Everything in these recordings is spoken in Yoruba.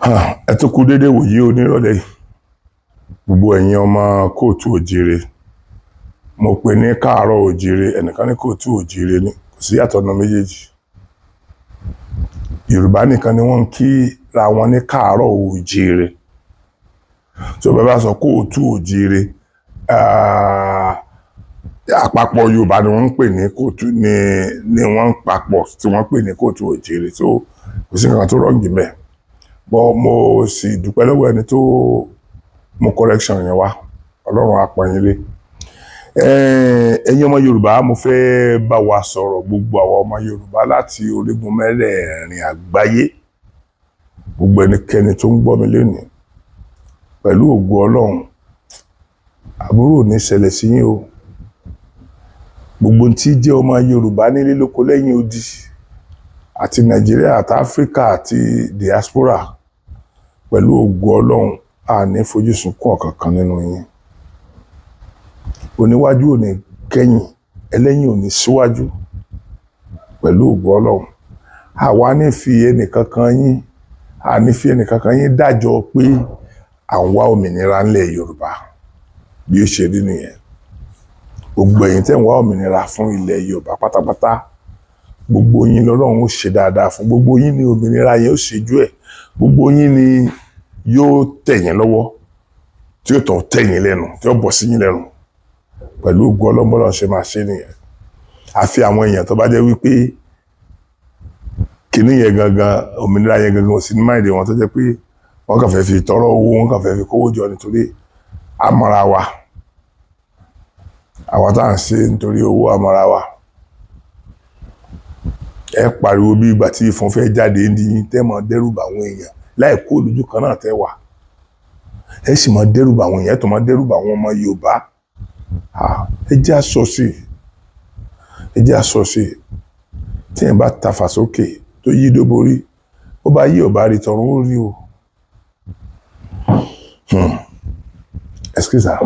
ẹ tún kú déédéé wòyí o nírọ̀lẹ́ yìí gbogbo ẹ̀yin ọmọ kóòtù òjire mo pè ní káàárọ̀ òjire ẹnìkan ní kóòtù òjire ni kò sí àtọ̀nà méjèèjì yorùbá nìkan ni wọ́n ń kí ra wọn ní káàárọ̀ òjire tó bẹ́ẹ̀ bá sọ kóòtù òjire àpapọ̀ yorùbá ni wọ́n ń pè ní kóòtù ni wọ́n ń papọ̀ tí wọ́n pè ní kóòtù òjire tó kò sí nǹkan tó rọ́ǹgì mẹ́ẹ̀ but mo sì dúpẹ́ lọ́wọ́ ẹni tó mú correction yẹn wá ọlọ́run apọ̀yìnlé ẹ̀yin ọmọ yorùbá mo fẹ́ bá wa sọ̀rọ̀ gbogbo àwọn ọmọ yorùbá láti orígun mẹ́rẹ̀ẹ̀rin àgbáyé gbogbo ẹnikẹ́ni tó ń gbọ́ mi lónìí pẹ̀lú ògo ọlọ́run àbúrò ní ṣẹlẹ̀ sí yín o gbogbo tí jẹ́ ọmọ yorùbá nílé lóko lẹ́yìn odi àti nàìjíríà àti áfíríkà àti diaspora pẹ̀lú ògo ọlọ́run àní fojúsùn kún ọ̀kankan nínú yín oníwájú ò ní kẹ́yìn ẹlẹ́yìn ò ní síwájú pẹ̀lú ògo ọlọ́run àwa ní fi ẹnìkankan yín àní fi ẹnìkankan yín dájọ́ pé à ń wá òmìnira ńlẹ̀ yorùbá bí ó ṣe rí nìyẹn gbogbo ẹ̀yin tẹ́ ń wá òmìnira fún ilẹ̀ yorùbá pátápátá gbogbo yín lọ́lọ́run ó ṣe dáadáa fún gbogbo yín ní òmìnira yẹn ó ṣèjú ẹ̀ gbogbo yín ní yóò tẹ̀yìn lọ́wọ́ tí yóò tọ̀ tẹ̀yìn lẹ́nu tí yóò bọ̀ sí yín lẹ́nu pẹ̀lú ògùn ọlọ́mọlọ́ ṣe máa ṣe nìyẹn àfi àwọn èèyàn tó bá jẹ́ wípé kìíní yẹn gangan òmìnira yẹn gangan òsì ní máìlì wọn tó jẹ́ pé wọ́n kàn fẹ́ fi tọrọ owó wọ́n kàn fẹ́ fi kówó jọ nítorí amọ̀ra wa àwa tá à ń ṣe nítorí owó amọ̀ra wa ẹ pariwo bí ìgbà tí ìfún fẹ́ jáde ní tẹ́mọ̀ dẹ́rùbà àwọn èèyàn láì kó lójú kan náà tẹ́ wà ẹ sì máa dẹ́rùbà àwọn èèyàn tó máa dẹ́rùbà àwọn ọmọ Yorùbá ẹ jẹ́ aṣọ sí ẹ jẹ́ aṣọ sí tí ẹ bá tafà sókè tó yí dóborí ó bá yí ọba rí tọrún ó rí o hmm. excuse her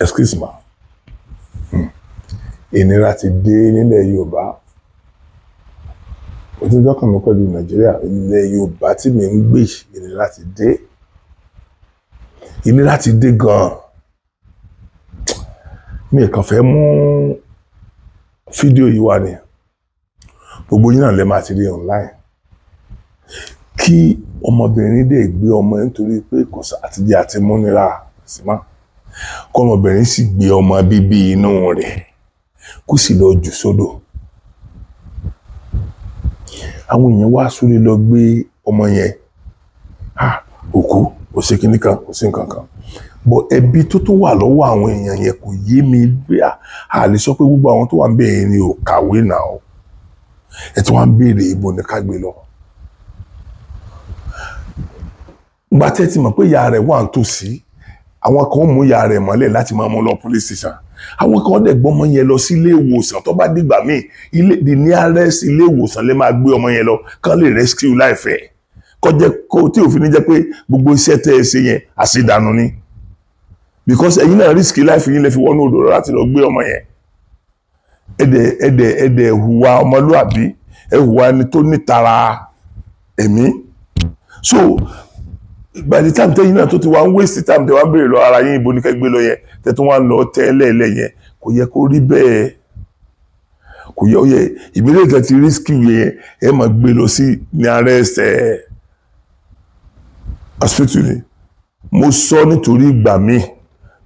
excuse ma hmm. ìnira ti dé nílẹ̀ Yorùbá òtítọ́ kan mi pẹ̀lú nàìjíríà ilẹ̀ yorùbá tí mi ń gbé ìnira ti dé ìnira ti dé gan-an mi kàn fẹ́ mú fídíò yìí wá ni gbogbo yín náà lè máa ti rí online kí ọmọbìnrin dé gbé ọmọ ẹ nítorí pé kò sá àtijọ́ àti múnira sí má kọ́ ọmọbìnrin sì gbé ọmọ bíbí inú rẹ̀ kó sì lọ jù sódò àwọn èèyàn wá súré lọ gbé ọmọ yẹn ha òkú kò sí kinní kan kò sí nǹkan kan bọ̀ ẹbí tó tó wà lọ́wọ́ àwọn èèyàn yẹn kò yé mi bí a lè sọ pé gbogbo àwọn tó wà ń bẹ̀ ni ò kàwé náà o ẹ tí wọ́n ń béèrè ibo ni ká gbé lọ. gbàtẹ́ ti mọ̀ pé ìyá rẹ̀ wà ń tòsí àwọn kan ó mú ìyá rẹ̀ mọ́lẹ̀ láti máa mú lọ police station àwọn kan dẹ̀ gbọ́mọ yẹn lọ sí ilé ìwòsàn tó bá dìgbà míì ilé the nearest ilé ìwòsàn lè máa gbé ọmọ yẹn lọ kán lè rescue life ẹ̀ kọjá kó tí òfin ní jẹ́ pé gbogbo iṣẹ́ tẹ́ ẹ ṣe yẹn àṣedànù ni because ẹ̀yin náà risk life yín lè fi wọnú odò lọ láti lọ gbé ọmọ yẹn ẹ̀dẹ̀ ẹ̀dẹ̀ ẹ̀dẹ̀ hùwà ọmọlúàbí ẹ̀ hùwà ẹni tó nítara ẹ̀mí so by the time tẹ́yìn náà tó ti wá ń waste time tẹ́ wá ń béèrè lọ ara yín ibo ní kẹ́ gbé lọ yẹn tẹ́ tún wá ń lọ tẹ́ ẹlẹ́ẹ̀lẹ́ yẹn kò yẹ kó rí bẹ́ẹ̀ kò yẹ ó yẹ ìbílẹ̀ kan ti risky yẹn ẹ máa gbé lọ sí nearest hospital ni mo sọ nítorí ìgbà míì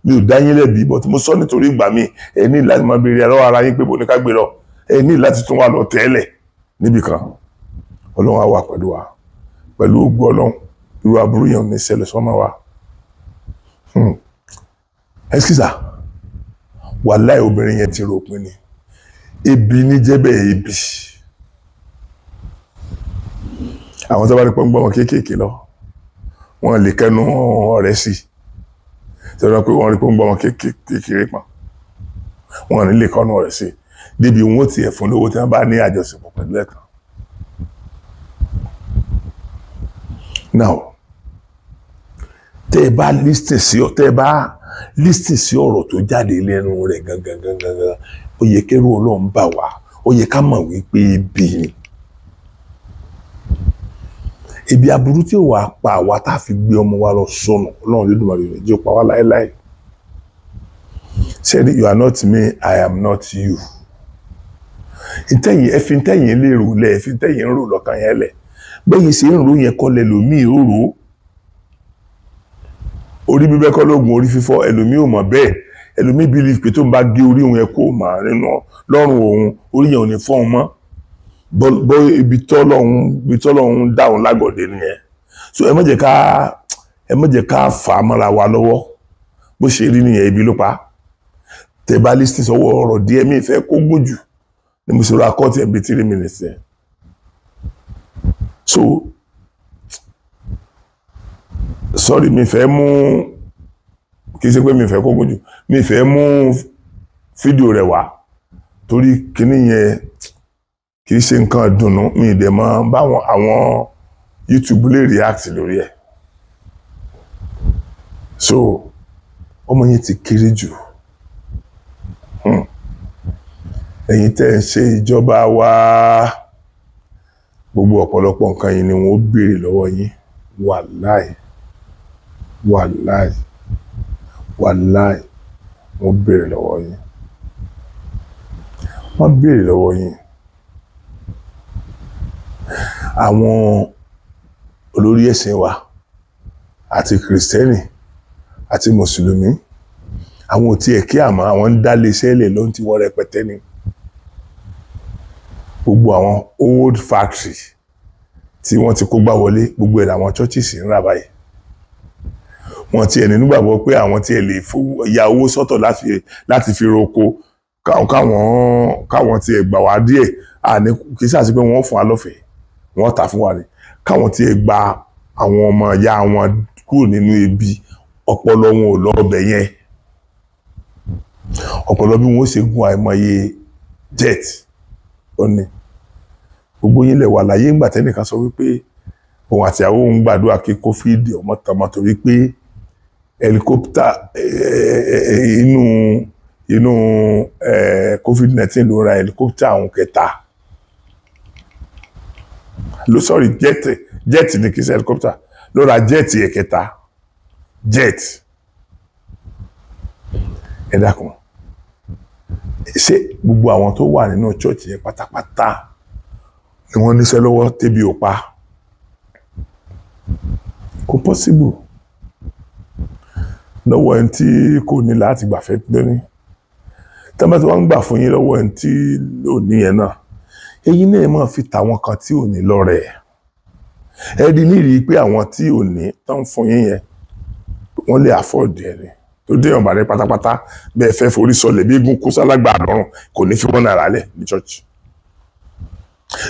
mi ò dá yín lẹ́bi but mo sọ nítorí ìgbà míì ẹ ní láti máa béèrè lọ́wọ́ ara yín pé bò ní ká gbé lọ ẹ ní láti tún wá lọ tẹ́lẹ̀ níbìkan ọlọ́run á wà pẹ̀lú wa pẹ̀lú ògùn ọlọ́run irú aburú yẹn ò ní ṣẹlẹ̀ sọ́mọ wa ẹsikisa hmm. wàláì obìnrin yẹn ti ròpin ni ebi ní jẹ́bẹ̀ ebi àwọn tó bá rí pọ́ngbọ́n wọn kéékèèké lọ wọn lè kẹnu ọ̀rẹ́ sí tó bá pé wọn rí pọ́ngbọ́n wọn kéékèèké pọ̀ wọn ní lè kọ́nu ọ̀rẹ́ sí débi wọn tiẹ̀ fún lówó tí wọn bá ní àjọṣepọ̀ pẹ̀lú ẹ̀kan. Now, tẹ́ ẹ bá lísítì sí ọ tẹ́ ẹ bá lísítì sí ọ̀rọ̀ tó jáde lẹ́nu rẹ̀ gangan gangan ó yẹ kẹ́rù ọlọ́run bà wá ó yẹ ká mọ̀ wípé ibi ni ibi aburú tí ò pa àwa tá a fi gbé ọmọ wa lọ sọnù ọlọ́run ló dùnmọ̀ rẹ̀ jẹ́ pa wá láéláé said you are not me I am not you ntẹ́yìn ẹ̀fin tẹ́yìn lè rò lẹ̀ ẹ̀fin tẹ́yìn ń rò lọ́kàn yẹn lẹ̀ bẹ́yìn sì ń rò yẹn kọ́ lẹ̀ lómi rò ó orí bíbẹ́ kọ́ lóògùn orí fífọ́ ẹlòmíì ò mọ̀ bẹ́ẹ̀ ẹlòmíì believe pé tó ń bá gé orí òun yẹn kó mà nínú lọ́rùn òun orí yẹn ò ní fọ́ òun mọ́ bọ́ ibi tọ́lọ́hún ibi tọ́lọ́hún dá òun lágọ̀dẹ nìyẹn so ẹ má jẹ́ ká ẹ má jẹ́ ká fà á mọ́ra wa lọ́wọ́ bó ṣe rí nìyẹn ibi ló pa tẹ bá lísì sọ́wọ́ ọ̀rọ̀ díẹ̀ mi ìfẹ́ kó gùn jù ni mo ṣe sorry mi fẹ́ mú kì í ṣe pé mi fẹ́ kókó jù mi fẹ́ mú fídíò rẹ̀ wá torí kíní yẹn kì ṣe nǹkan dùnnú mi ì dẹ̀ mọ báwọn àwọn YouTube lè react lórí ẹ̀ so ọmọ yẹn ti kéré jù hmm. ẹ̀yin tẹ́ ń ṣe ìjọba wa gbogbo ọ̀pọ̀lọpọ̀ nǹkan yìí ni wọ́n béèrè lọ́wọ́ yín wàláì wàláì wàláì wọ́n béèrè lọ́wọ́ yín wọ́n béèrè lọ́wọ́ yín àwọn olórí ẹ̀sìn wa àti kìrìsìtẹ́nì àti mùsùlùmí àwọn ò tiẹ̀ kí àmọ́ àwọn ń dá léṣẹ́ lè ló ń wọ́n rẹpẹtẹ ni gbogbo àwọn old factory tí wọ́n ti kó gbá wọlé gbogbo ẹ̀ làwọn churches ń rà báyìí wọn tiẹ̀ ní nígbàgbọ́ pé àwọn tiẹ̀ lè ya owó sọ́tọ̀ láti fi roko káwọn tiẹ̀ gbà wá díẹ̀ àní kì í ṣàṣì pé wọ́n fún wa lọ́fẹ̀ẹ́ wọ́n tà fún wa ni káwọn tiẹ̀ gba àwọn ọmọ ìyá wọn kúrò nínú ebi ọpọlọ wọn ò lọ yẹn ọpọlọ bí wọn ó ṣe gun àìmọye jet ó ní gbogbo yín lè wà láyé ńgbà tẹ́nìkan sọ wípé òun àtìyàwó ń gbàdúrà kí kófíìdì ọmọ tọmọ torí pé ẹlikópítà eh, inú inú eh, covid-19 ló ra ẹlikópítà àwọn kẹta ló sọrí jẹ́ẹ̀tì jẹ́ẹ̀tì ni kì í ṣe ẹlikópítà ló ra jẹ́ẹ̀tì ẹ̀kẹta jẹ́ẹ̀tì ẹ dákun ṣé gbogbo àwọn tó wà nínú chọ́ọ̀chì yẹn pátápátá ni wọ́n níṣẹ́ lọ́wọ́ tẹ́bi ò pa kò pọ́síbù lọ́wọ́ ẹni tí kò ní láti gbàfẹ́ lóní tẹ́lẹ̀ tí wọ́n ń gbà fún yín lọ́wọ́ ẹni tí ò ní yẹn náà ẹ̀yin náà máa fi tàwọn kan tí ò ní lọ́rẹ̀ ẹ rí nírìí pé àwọn tí ò ní tán fún yín yẹn wọ́n lè àfọ́ọ̀dì ẹ̀ ni tó dé ọ̀bà rẹ pátápátá bẹ́ẹ̀ fẹ́ forí sọlẹ̀ bí egun sálágbà àdọ́rùn kò ní fi wọ́n náírà lẹ̀ ní ṣọ́ọ̀ṣì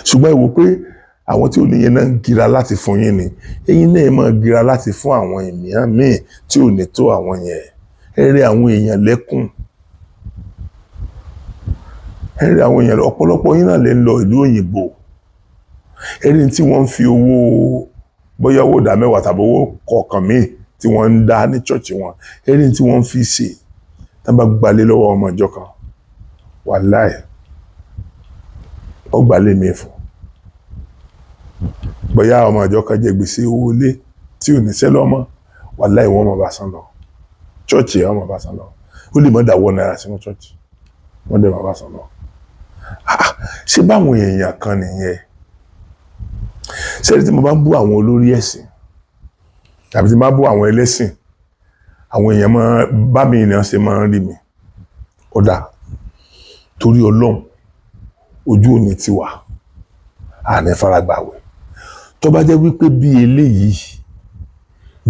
ṣùgbọ́n ẹ wò pé àwọn tí ò ní yẹn náà ń gira láti fún yín ni ẹ̀yin náà máa gira láti fún àwọn ènìyàn míì tí ò ní tó àwọn yẹn ẹ rí àwọn èèyàn lẹ́kùn ẹ rí àwọn èèyàn ọ̀pọ̀lọpọ̀ yín náà lè ń lọ ìlú òyìnbó ẹ rí tí wọ́n ń fi owó bóyá owó ìdá mẹ́wàá tàbí owó kọ̀ọ̀kan míì tí wọ́n ń dá ní ṣọ́ọ̀ṣì wọn ẹ rí tí wọ́n ń fi ṣe tán bá gbalé lọ́wọ́ ọmọ ìjọ kan wàláì ó gbalé mi fún bóyá ọmọ ìjọ kan jẹ gbèsè owó ilé tí ò níṣẹ́ lọ́mọ wàláhì wọ́n máa bá san lọ chọ́ọ̀chì ẹ̀ bá san lọ ó lè mọ́ dàwọ́ náírà sínú chọ́ọ̀chì wọ́n dẹ̀ máa bá san lọ. Ah, ṣé báwọn èèyàn kan nìyẹn sẹ́ni tí mo bá ń bú àwọn olórí ẹ̀sìn tàbí tí mo bá bú àwọn ẹlẹ́sìn àwọn èèyàn máa bá mi ìrìnà ṣe máa ń rí mi ọ̀dà torí ọlọ́run ojú òní ti wà àní faragbàwẹ̀ tó bá jẹ́ wípé bíi eléyìí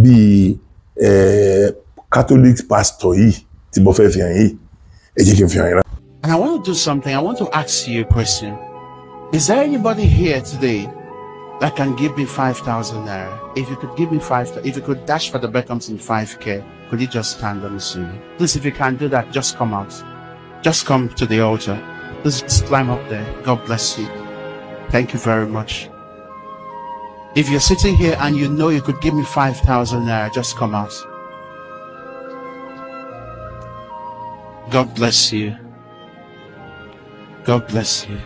bíi Catholic pastor yìí tí fẹ́ fi ẹ jẹ́ kí fi And I want to do something. I want to ask you a question. Is there anybody here today that can give me 5,000 naira? If you could give me 5,000, if you could dash for the Beckhams in 5K, could you just stand on the Please, if you can do that, just come out. Just come to the altar. Please climb up there. God bless you. Thank you very much. If you're sitting here and you know you could give me 5,000 naira, just come out. God bless you. God bless you.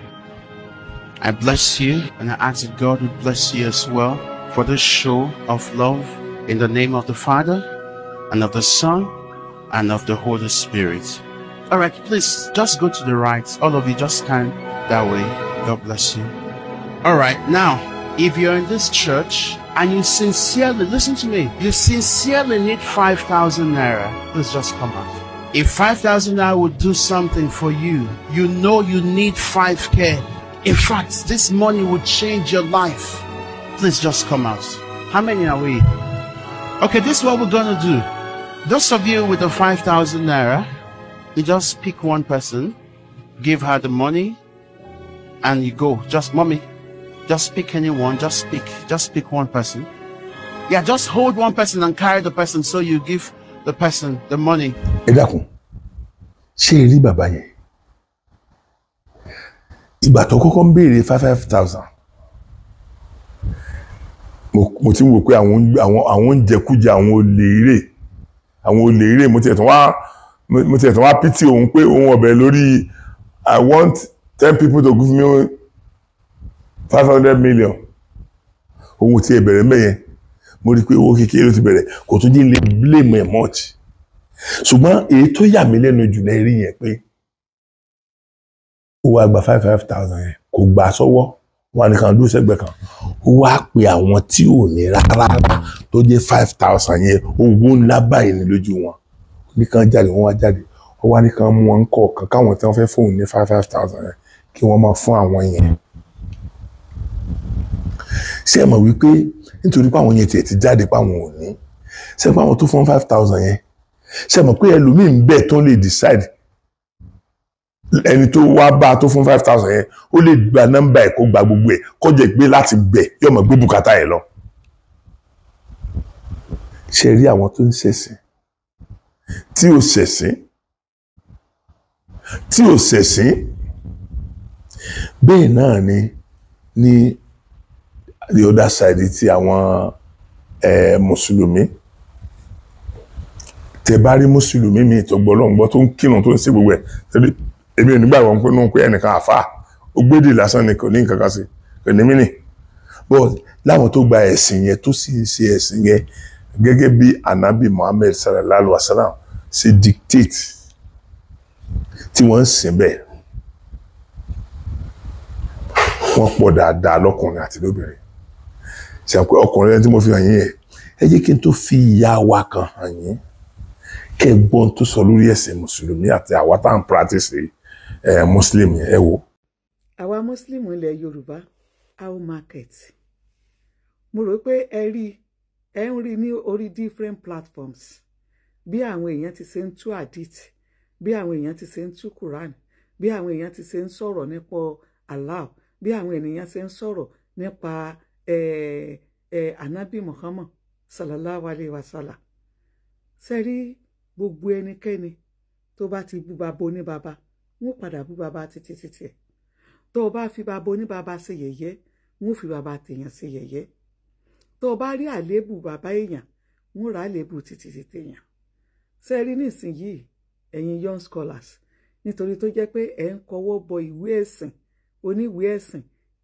I bless you and I ask that God would bless you as well for this show of love in the name of the Father and of the Son and of the Holy Spirit. All right, please just go to the right. All of you just stand that way. God bless you. All right, now if you're in this church and you sincerely, listen to me, you sincerely need 5,000 naira, please just come out. If 5,000 naira would do something for you, you know you need 5K. In fact, this money would change your life. Please just come out. How many are we? Okay, this is what we're gonna do. Those of you with the 5,000 naira, you just pick one person, give her the money, and you go. Just, mommy, Just pick anyone. Just pick. Just pick one person. Yeah, just hold one person and carry the person so you give the person the money. Ẹ dákun, ṣé ẹ rí bàbá yẹn? Ìgbà tó kọ́kọ́ ń béèrè five five thousand. Mo ti ń wò pé àwọn àwọn oúnjẹkújẹ àwọn olè eré àwọn olè eré mo ti ẹ̀tàn wá mo ti ẹ̀tàn wá pítì òun pé òun ọ̀bẹ lórí I want ten people to give me five hundred million ohun tí ẹ bẹ̀rẹ̀ mẹ́yẹn mo rí i pé owó kékeré ló ti bẹ̀rẹ̀ kò tún jí lè blame ẹ̀ much ṣùgbọ́n èyí tó yà mí lẹ́nu jù lẹ́rí yẹn pé ó wá five five thousand yẹn kò gbà sọ́wọ́ wà nìkan dúró sẹ́gbẹ̀ẹ́ kan ó wá pe àwọn tí ò ní rárá tó jẹ́ five thousand yẹn owó ńlá báyìí ní lójú wọn nìkan jáde wọn wá jáde ó wá nìkan mú wọn kọ̀ọ̀kan káwọn tí wọ́n fẹ́ fóun ní five five thousand yẹn kí wọ́n máa fún àwọn yẹn ṣé ẹ mọ̀ wípé nítorí pé àwọn yẹn tiẹ̀ ti jáde pé àwọn ò ní ṣé pé àwọn tó fún five thousand yẹn ṣé ẹ mọ̀ pé ẹlòmíín bẹ́ẹ̀ tó lè decide ẹni tó wá bá a tó fún five thousand yẹn ó lè gba nọ́mbà ẹ̀ kó gba gbogbo ẹ̀ kọjá ìgbé láti bẹ̀ yóò mọ̀ gbé bùkátà ẹ̀ lọ. ṣe rí àwọn tó ń ṣẹ̀sìn tí ò ṣẹ̀sìn tí ò ṣẹ̀sìn bẹ́ẹ̀ náà ni ni the other side ti àwọn mùsùlùmí tẹ bá rí mùsùlùmí mi tó gbọ́ lọ́n gbọ́ tó ń kírun tó ń ṣe gbogbo ẹ̀ torí èmi ò nígbàgbọ́ pé nínú pé ẹnìkan àfà ó gbédè lásán ni kò ní nǹkan kan sí kò ní mínì bọ́ láwọn tó gba ẹ̀sìn yẹn tó sì ṣe ẹ̀sìn yẹn gẹ́gẹ́ bí anabi muhammed sallallahu alaihi wa sallam ṣe dictate tí wọ́n ń sìn bẹ́ẹ̀ wọ́n pọ̀ dáadáa lọ́kùnrin àti lóbìnrin ṣe àpẹ ọkùnrin ẹni tí mo fi hàn yín yẹn ẹ jẹ́ kí n tó fi ìyá wa kan hàn yín kẹ́ gbọ́n tó sọ lórí ẹ̀sìn mùsùlùmí àti àwa tá à ń practice ẹ̀ muslim yẹn ẹ wò. àwa muslim ilẹ̀ yorùbá our market mo rò pé ẹ rí ẹ ń rí ní orí different platforms bí àwọn èèyàn ti ṣe ń tú hadith bí àwọn èèyàn ti ṣe ń tú quran bí àwọn èèyàn ti ṣe ń sọ̀rọ̀ nípa allah bí àwọn ènìyàn ṣe ń sọ̀rọ̀ nípa anabi eh, eh, muhammad sallallahu alaihi wasallam. sallam sẹ́rí gbogbo ẹnikẹ́ni tó bá ti bú baba oníbaba wọ́n padà bú baba títí títí ẹ̀ tó o bá fi baba oníbaba ṣe yẹ̀yẹ́ wọ́n fi baba tèèyàn ṣe yẹ̀yẹ́ tó o bá rí àléébù baba èèyàn wọ́n rà àléébù títí títí èèyàn sẹ́rí nísìnyìí ẹ̀yin young scholars nítorí tó jẹ́ pé ẹ̀ ń kọwọ́ bọ ìwé ẹ̀sìn oníwèé ẹ̀sìn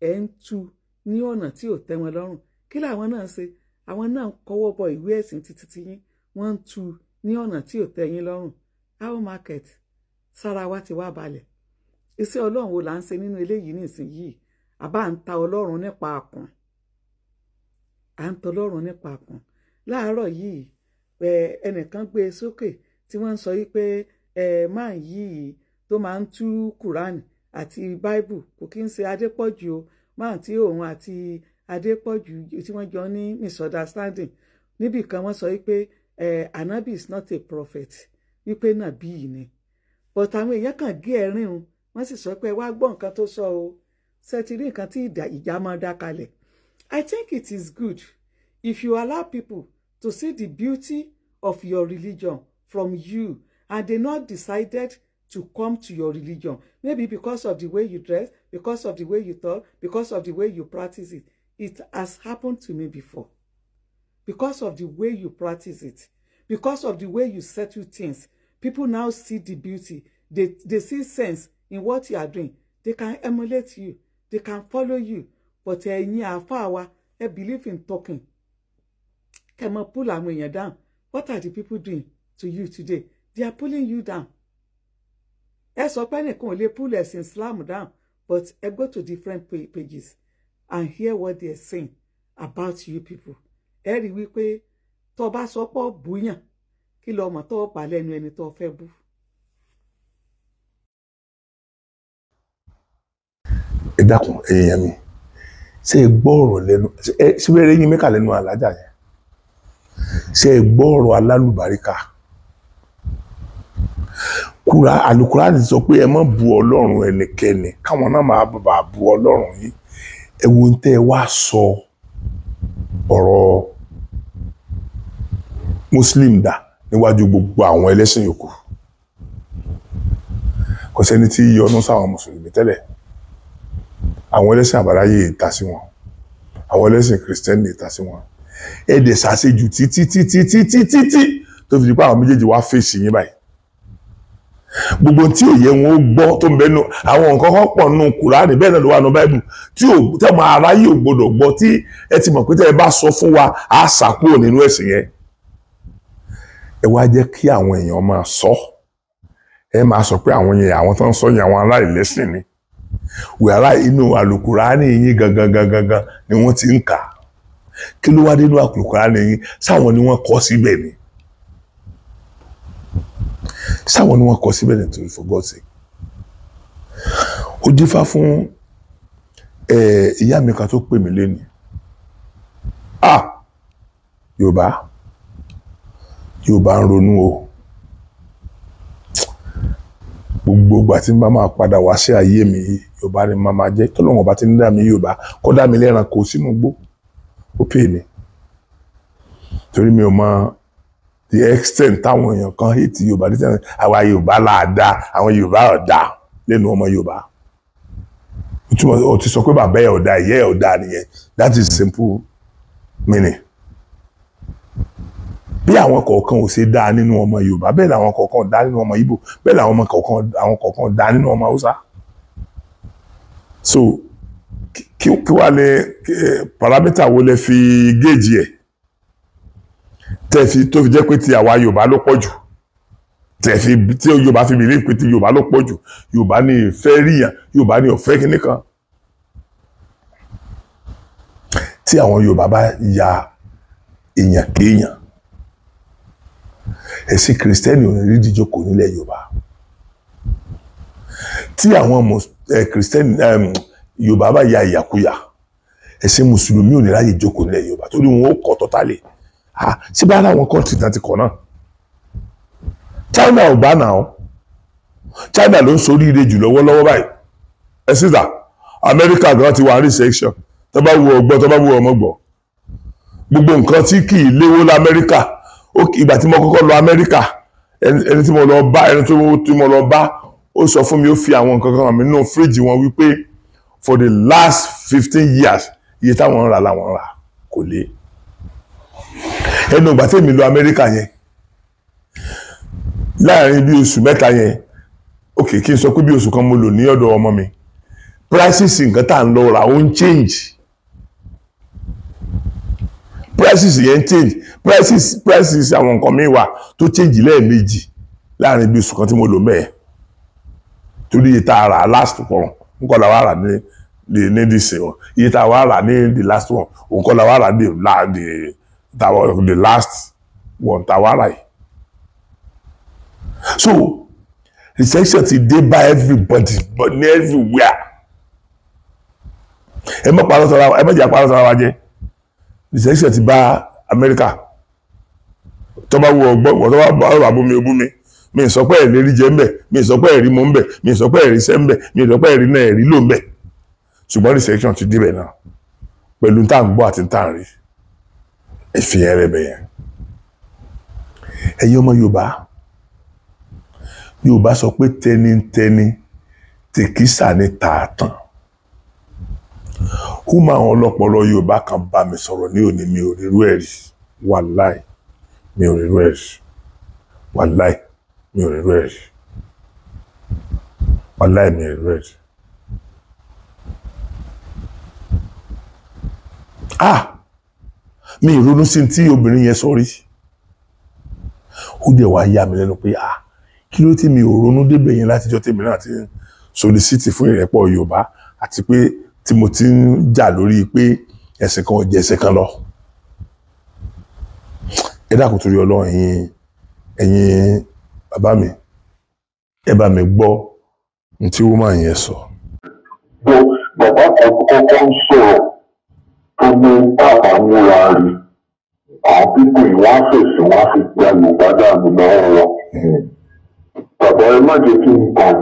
ẹ̀ ń tu ní ọ̀nà tí ò tẹ́ wọn lọ́rùn kí làwọn náà ṣe àwọn náà kọwọ́ bọ ìwé ẹ̀sìn títí tí yín wọ́n ń tu ní ọ̀nà tí ò tẹ́ yín lọ́rùn how market sára wa ti wá balẹ̀ iṣẹ́ ọlọ́run wo là ń ṣe nínú eléyìí nísìnyìí àbá ń ta ọlọ́run nípa àkùn à ń tọlọ́run nípa àkùn láàárọ̀ yìí ẹnìkan gbé e sókè tí wọ́n ń sọ yìí pé máa yìí tó máa ń tú kùránì àti báíbù kò kí ń ṣe adépọ̀jù o máa tí òun àti adépọ̀jù tí wọ́n jọ ní misunderstanding níbì kan wọ́n sọ wípé anabi is not a prophet wípé nàbí yìí ni but àwọn èèyàn kàn gé ẹ̀rín o wọ́n sì sọ pé wá gbọ́ nǹkan tó sọ o ṣe ti rí nǹkan tí ìjà máa dá kalẹ̀ I think it is good if you allow people to see the beauty of your religion from you and they not decided to come to your religion. Maybe because of the way you dress, because of the way you talk, because of the way you practice it. It has happened to me before. Because of the way you practice it, because of the way you settle things, people now see the beauty. They, they see sense in what you are doing. They can emulate you. They can follow you. But ẹ̀yin àfáà wa, ẹ believe in talking. can pull àwọn èèyàn down. What are the people doing to you today? They are pulling you down ẹ sọ pé ẹnìkan ò lè pull ẹ̀sìn Islam down but ẹ go to different pages and hear what they are saying about you people Every week, wípé tó bá sọ pé bùyàn kí lọ mọ̀ to bà lẹ́nu ẹni tó fẹ́ bú. ẹ dákun èèyàn mi ṣé ẹ gbọ́ ọ̀rọ̀ lẹ́nu ẹ síbẹ̀rẹ̀ yín mẹ́kà lẹ́nu alájà yẹn ṣé kúra àlùkùránì sọ pé ẹ má bu ọlọ́run ẹnikẹ́ni káwọn náà máa bàbà bu ọlọ́run yìí ẹ wo ń tẹ́ ẹ wá sọ ọ̀rọ̀ muslim dà níwájú gbogbo àwọn ẹlẹ́sìn yòókù kò sẹ́ni tí yọnu sáwọn mùsùlùmí tẹ́lẹ̀ àwọn ẹlẹ́sìn àbáráyé ìta sí wọn àwọn ẹlẹ́sìn kìrìsìtẹ́nì ìta sí wọn ẹ̀ẹ́dẹ̀ ṣàṣejù títí títí títí títí tó fi di pé àwọn méjèèjì wá fèsì yín báyìí gbogbo tí òye wọn ó gbọ́ tó ń bẹnu àwọn nǹkan kan pọ̀ nínú kùránì bẹ́ẹ̀ náà ló wà nínú báìbù tí ò tẹ́mọ̀ aráyé ò gbọdọ̀ gbọ́ tí ẹ ti mọ̀ pé tẹ́ ẹ bá sọ fún wa á sàkúrò nínú ẹ̀sìn yẹn. ẹ wá jẹ́ kí àwọn èèyàn máa sọ ẹ máa sọ pé àwọn yẹn àwọn tó ń sọ yẹn àwọn aláìlẹ́sìn ni wíwárà inú àlùkùránì yín gangan gangan ni wọ́n ti ń kà kí ló wá nínú àlùkùránì yín sáwọn ni wọ́n kọ́ síbẹ̀ ni sáwọn ni wọ́n kọ síbẹ̀ nítorí for God's sake ó dífá fún ìyá mi kan tó pè mí lẹ́nu ah yorùbá yorùbá ń ronú o gbogbo ìgbà tí n bá máa padà wá sí ayé mi yorùbá ni màá jẹ tọ́lọ́wọ́n bá ti ń dá mi yorùbá kó dá mi lẹ́ran kó sínú gbó ó pè mí torí mi ò mọ the extent táwọn èèyàn kan hate yorùbá ní sẹ́yìn àwa yorùbá láàdá àwọn yorùbá ọ̀dà lẹ́nu ọmọ yorùbá ìtumọ̀ ọ ti sọ pé bàbá ẹ̀ ọ̀dà ìyá ẹ̀ ọ̀dà nìyẹn that is simple meaning bí àwọn kọ̀ọ̀kan ò ṣe dáa nínú ọmọ yorùbá bẹ́ẹ̀ làwọn kọ̀ọ̀kan dáa nínú ọmọ Ìgbò bẹ́ẹ̀ làwọn kọ̀ọ̀kan dáa nínú ọmọ haúsá so kí wàá ní eh, paramita wo lè fi gauge. ẹ̀ tẹ̀sí tó fi jẹ́ pé ti àwa Yorùbá ló pọ̀ jù tẹ̀sí tí Yorùbá fi bìlí pé ti Yorùbá ló pọ̀ jù Yorùbá ní ìfẹ́ ríyàn Yorùbá ní ọ̀fẹ́ kínní kan tí àwọn Yorùbá bá ya èèyàn kéèyàn ẹ̀sìn kìrìsìtẹ́nì ò ní rí ìdíjókòó nílẹ̀ Yorùbá tí àwọn kìrìsìtẹ́nì Yorùbá bá ya ìyàkuyà ẹ̀sìn mùsùlùmí ò ní ráyè jókòó nílẹ̀ Yorùbá torí wọn ó kọ́ tọ́tálẹ̀ síbi ara àwọn kọ́ọ̀tì náà ti kọ̀ náà China ò bá nà ọ́ China ló ń soríire jù lọ́wọ́lọ́wọ́ báyìí ẹ sísà Amẹ́ríkà gan ti wà ní section tó bá wu ọgbọ́n tó bá wu ọmọ gbọ́ gbogbo nǹkan tí kì í léwó lamẹ́ríkà ìgbà tí mo kọ́kọ́ lọ Amẹ́ríkà ẹni tí mo lọ bá ẹni tí mo lọ bá ó sọ fún mi ó fi àwọn nǹkan kan hàn mí nínú fíríjì wọn wípé for the last fifteen years iye táwọn ń rà làwọn ń rà kò lé ẹnu ìgbà tí èmi lọ amẹ́ríkà yẹn láàrin bí oṣù mẹ́ta yẹn ok kí n sọ pé bí oṣù kan mo lò ní ọ̀dọ̀ ọmọ mi prices nǹkan tá à ń lọ rà ó ń change prices yẹn ń change prices prices àwọn nǹkan mi wà tó change lẹ́ẹ̀mejì láàrin bí oṣù kan tí mo lò mẹ́ẹ̀ torí iye tá a rà last one n kọ́ la wá rà ní ní ní this one iye tá a wá rà ní the last one òun kọ́ la wá rà ní the that was the last one tawara yìí so recession ti dé by everybody but ní everywhere ẹ mọ̀ parọ́ sọ́ra ẹ mọ̀ jẹ́ parọ́ sọ́ra wa jẹ́ recession ti bá Amẹ́ríkà tó bá wọ ọgbọ́n wọ́n tó bá ọ̀rọ̀ abúmi obúmi mi sọ pé ẹ̀rí rí jẹ́ ń bẹ̀ mi sọ pé ẹ̀rí mú ń bẹ̀ mi sọ pé ẹ̀rí sẹ́ ń bẹ̀ mi sọ pé ẹ̀rí náà ẹ̀rí ló ń bẹ̀ ṣùgbọ́n recession ti débẹ̀ náà pẹ̀lú tá à ń gbọ́ àti tá à ń rí ẹ̀fìyẹ́ rẹ̀ bẹ̀yẹn ẹ̀yin ọmọ yorùbá yorùbá sọ pé tẹnitẹni tèkísà ní tààtàn ó máa àwọn ọlọ́pọlọ yorùbá kan bá mi sọ̀rọ̀ ní òní mi ò rírú ẹ̀ rí wàláì mi ò rírú ẹ̀ wàláì mi ò rírú ẹ̀ wàláì mi ò rírú ẹ̀ ah mi ìrònú sí tí obìnrin yẹn sọ rí ó dẹ̀ wá yà mí lẹ́nu pé ah kí ló tí mi ò ronú débẹ̀ yẹn látijọ́ tèmi náà ti solisiti fún ìrẹ́pọ̀ Yorùbá àti pé tí mo ti ń jà lórí pé ẹ̀sìn kan ò jẹ́ ẹ̀sìn kan lọ ẹ dákun torí Ọlọ́run ẹ̀yin ẹ̀yin bàbá mi ẹ bá mi gbọ́ ní tí wọ́n máa yẹn sọ. bàbá kan kọ́kọ́ ń sọ̀rọ̀ gbogbo bàbá múra rí àwọn pípò yìí fi gba yorùbá dànù lọ́wọ́ wọn. bàbá ẹ má jẹ́ kí n kàn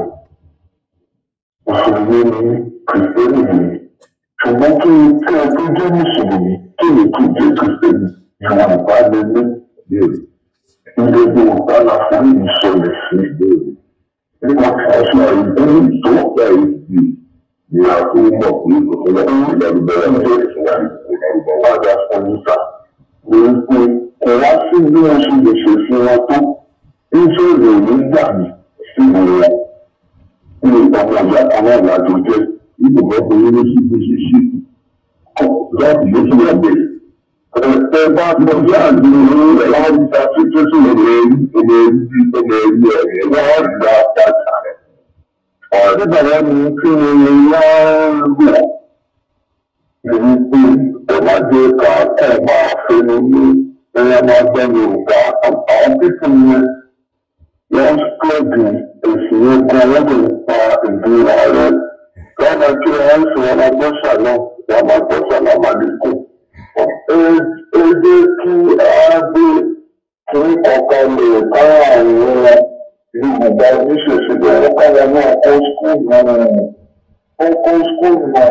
mùsùlùmí ni kìrìsìtẹ́nì ni ṣùgbọ́n kí n tí ẹ tó jẹ́ mùsùlùmí kí ni kí jẹ́ kìrìsìtẹ́nì yorùbá lè ní. ilé yorùbá la fún ìsọlẹ̀ sí nígbà tí a ṣe àìdúró ìdí ni a tó mọ̀ pé ìgbàlódé ìgbàlódé nígbà ìgbà ìgbàwọ́ àgbà kan níta ni pé kò wá sí bí wọ́n ṣe lè ṣèṣin wọn tó nítorí òní gbà mí sí ìwọ̀n ní ọmọ ìyá àwọn ìlàjò jẹ́ ìgbìmọ̀ ọkùnrin ní ṣíṣe ṣíṣe láti ló ti wà bẹ́ẹ̀. Ẹ bá gbọ́ bí àdúró rẹ̀ láti ta títí sí ọmọ ẹ̀rí ọmọ ẹ̀rí ọmọ ẹ̀rí ẹ̀rí wọ́n gbà dáadáa rẹ̀. Ọ̀rẹ́ bàbá mi kí ni wọ́n gbọ́ ni wípé ọ̀la jẹ́ ká kọ̀ máa fẹnu ní ẹ̀yà máa gbẹ́nu ọ̀gá àwọn pípọ̀ yẹn wọ́n sọ́ọ̀dì èsì yẹn gan wọ́n lè pa ìdí ààrẹ lọ́nà tí wọ́n sì wọn máa gbọ́sà náà wọ́n máa gbọ́sà náà máa lè kù. ẹ jẹ́ kí a gbé kí ọ̀kan lè ká àwọn yorùbá oníṣẹ̀ṣẹ̀ lọ́wọ́ káwọn náà kọ́ skul náà kọ́ skul náà.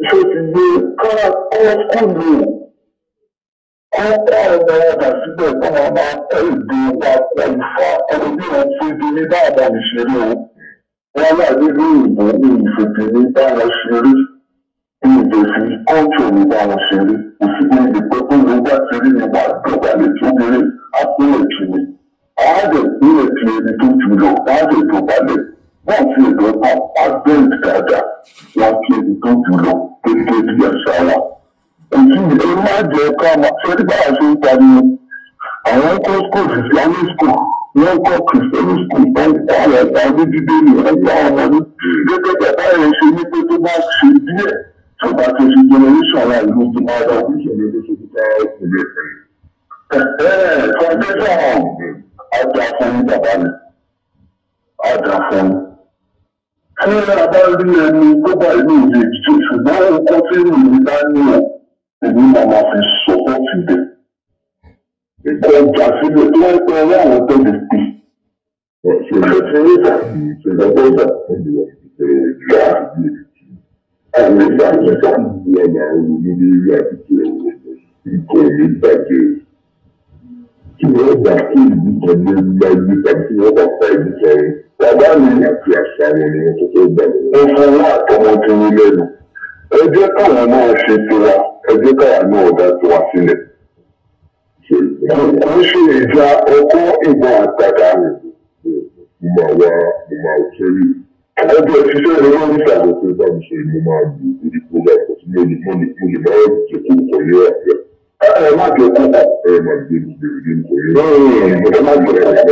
je dis, quand on nous, quand on a do fidèle, quand on a aidé la qualifiée, on dit, on fait des débats dans les chéris. Voilà, les livres, on fait des débats dans ọkọ̀ kìrìsìtẹ́nì skul ọ̀pọ̀ àwọn ọ̀pọ̀ méjìdé ni ọ̀pọ̀ àwọn ọmọ mi gẹ́gẹ́ bàbá yẹn ṣe ní pé tó bá ṣe díẹ̀ tó bá tó ṣe jẹnẹrẹ́ṣọ̀ ara ìlú tó bá wà ní ìṣẹ̀lẹ̀ tó ṣe kíkà ìpínlẹ̀ ẹ̀ẹ́ foundation ọjà fún bàbá mi ọjà fún tí a bá rí ẹni tó bá inú ìdè ṣùgbọ́n nǹkan tí mi bá èmi máa fi sọ́kọ́ ti bẹ̀rẹ̀ ìtẹ̀ ìjàsílẹ̀ tó wọ́n pẹ́ ọwọ́ àwọn tó lè pè. ṣé ti rí ìgbà tí ìgbàgbọ́ ìgbà tó lè wọ́n ti tẹ̀ ìgbà àbí ètùtù. àmì ìgbà ìgbà wọn máa ń ronú lórí àdìgbò ẹ̀wọ̀n ikọ̀ mi bàjẹ́. kí wọ́n gbà kí ìlú kan ló ń lá ilé kan kí wọ́n bá pa ìlú kan rẹ̀. bàbá mi àti àṣà ṣe tiwa ẹ káwọn náà dá tiwa sílẹ̀ wọ́n ṣe ìjà ọkọ́ ìbọn àtàkà mi. mo máa wá mo máa sórí. ọjọ́ ìṣiṣẹ́ mi ló ń ta. mo fẹ́ bá mi sọ mo máa lu orí program kan tí mo lè mo lè mo lè máa jẹ kó kọ̀ ní ọ̀fẹ́. ẹ má jẹ kó kọ̀. ẹ má jẹ kó kọ̀ ní ọ̀fẹ́. ẹ má jẹ kó kọ̀ ní ọ̀fẹ́. ẹ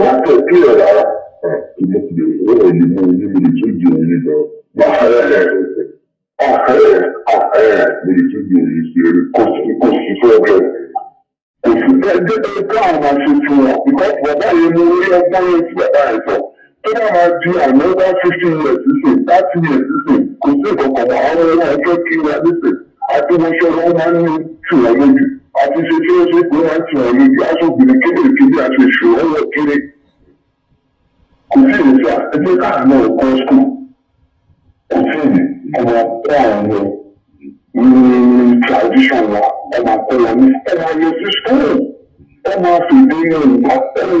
má jẹ kí ẹ rárá. kí mo fi lè wọ́n mú un ní mo lè tún wàhálà ẹ̀ ẹ̀ ọ̀fẹ́ ọ̀fẹ́ nìjíríà yìí ṣe eré kò sí kò sí fẹ́ bẹ́ẹ̀. kò sí fẹ́ débẹ̀ ká àwọn aṣojú wọn because bàbá yẹn ní orí ọgbọ́n yẹn ti bàbá yẹn sọ tó bá máa di another fifteen years sísè thirty years sísè kò sí ìkọ̀kọ̀ mọ́ àwọn ọmọ ọjọ́ kí wọ́n nísè àti mọ́ṣọ́ wọn máa ń ní tìwọ́n lójú àti ṣe tí ó ṣe pé wọ́n tìwọ́n lójú aṣọ òbí kéékèèké àti ìṣòro wọn kéré kò sí ìrìnsà ẹgbẹ́ káà náà kọ́ school kòfíìnì ọmọ ọkọ àwọn ọmọ ní tradition wa ọmọ ọkọ wọn ní ọmọ yẹn sí school ọmọ fìdí ní yorùbá ọmọ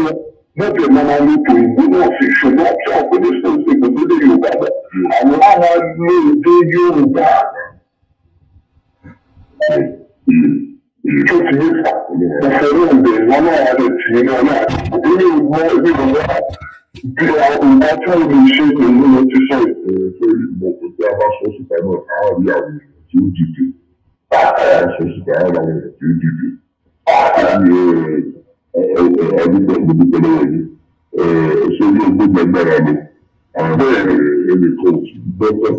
mọ̀tẹ̀ mọ́nà lóko ìbò náà sì ṣùgbọ́n tí a kúndé sí ọ̀sẹ̀ ìbò lóde yorùbá bẹ̀ àwọn àwọn ní èdè yorùbá tó ti yé fa òfin náà bẹ̀rẹ̀ wọn náà wà lè tì í náà náà ìdílé ìgbọ́ ìdílé ìgbọ́ bí nǹkan tí wọn lè ṣe pẹ̀lú lọ sí sọ ìpẹ̀rẹ̀ sórí ìmọ̀ pé tí a bá sọ síta náà á rí àwọn èèyàn tí ó dìde báyà sọ síta á rí àwọn èèyàn tí ó dìde àti ẹni pẹ̀lú pẹ̀lú ẹni sórí ogún gbẹgbẹrẹ ni bẹ́ẹ̀ ẹni kan ò sì gbọ́dọ̀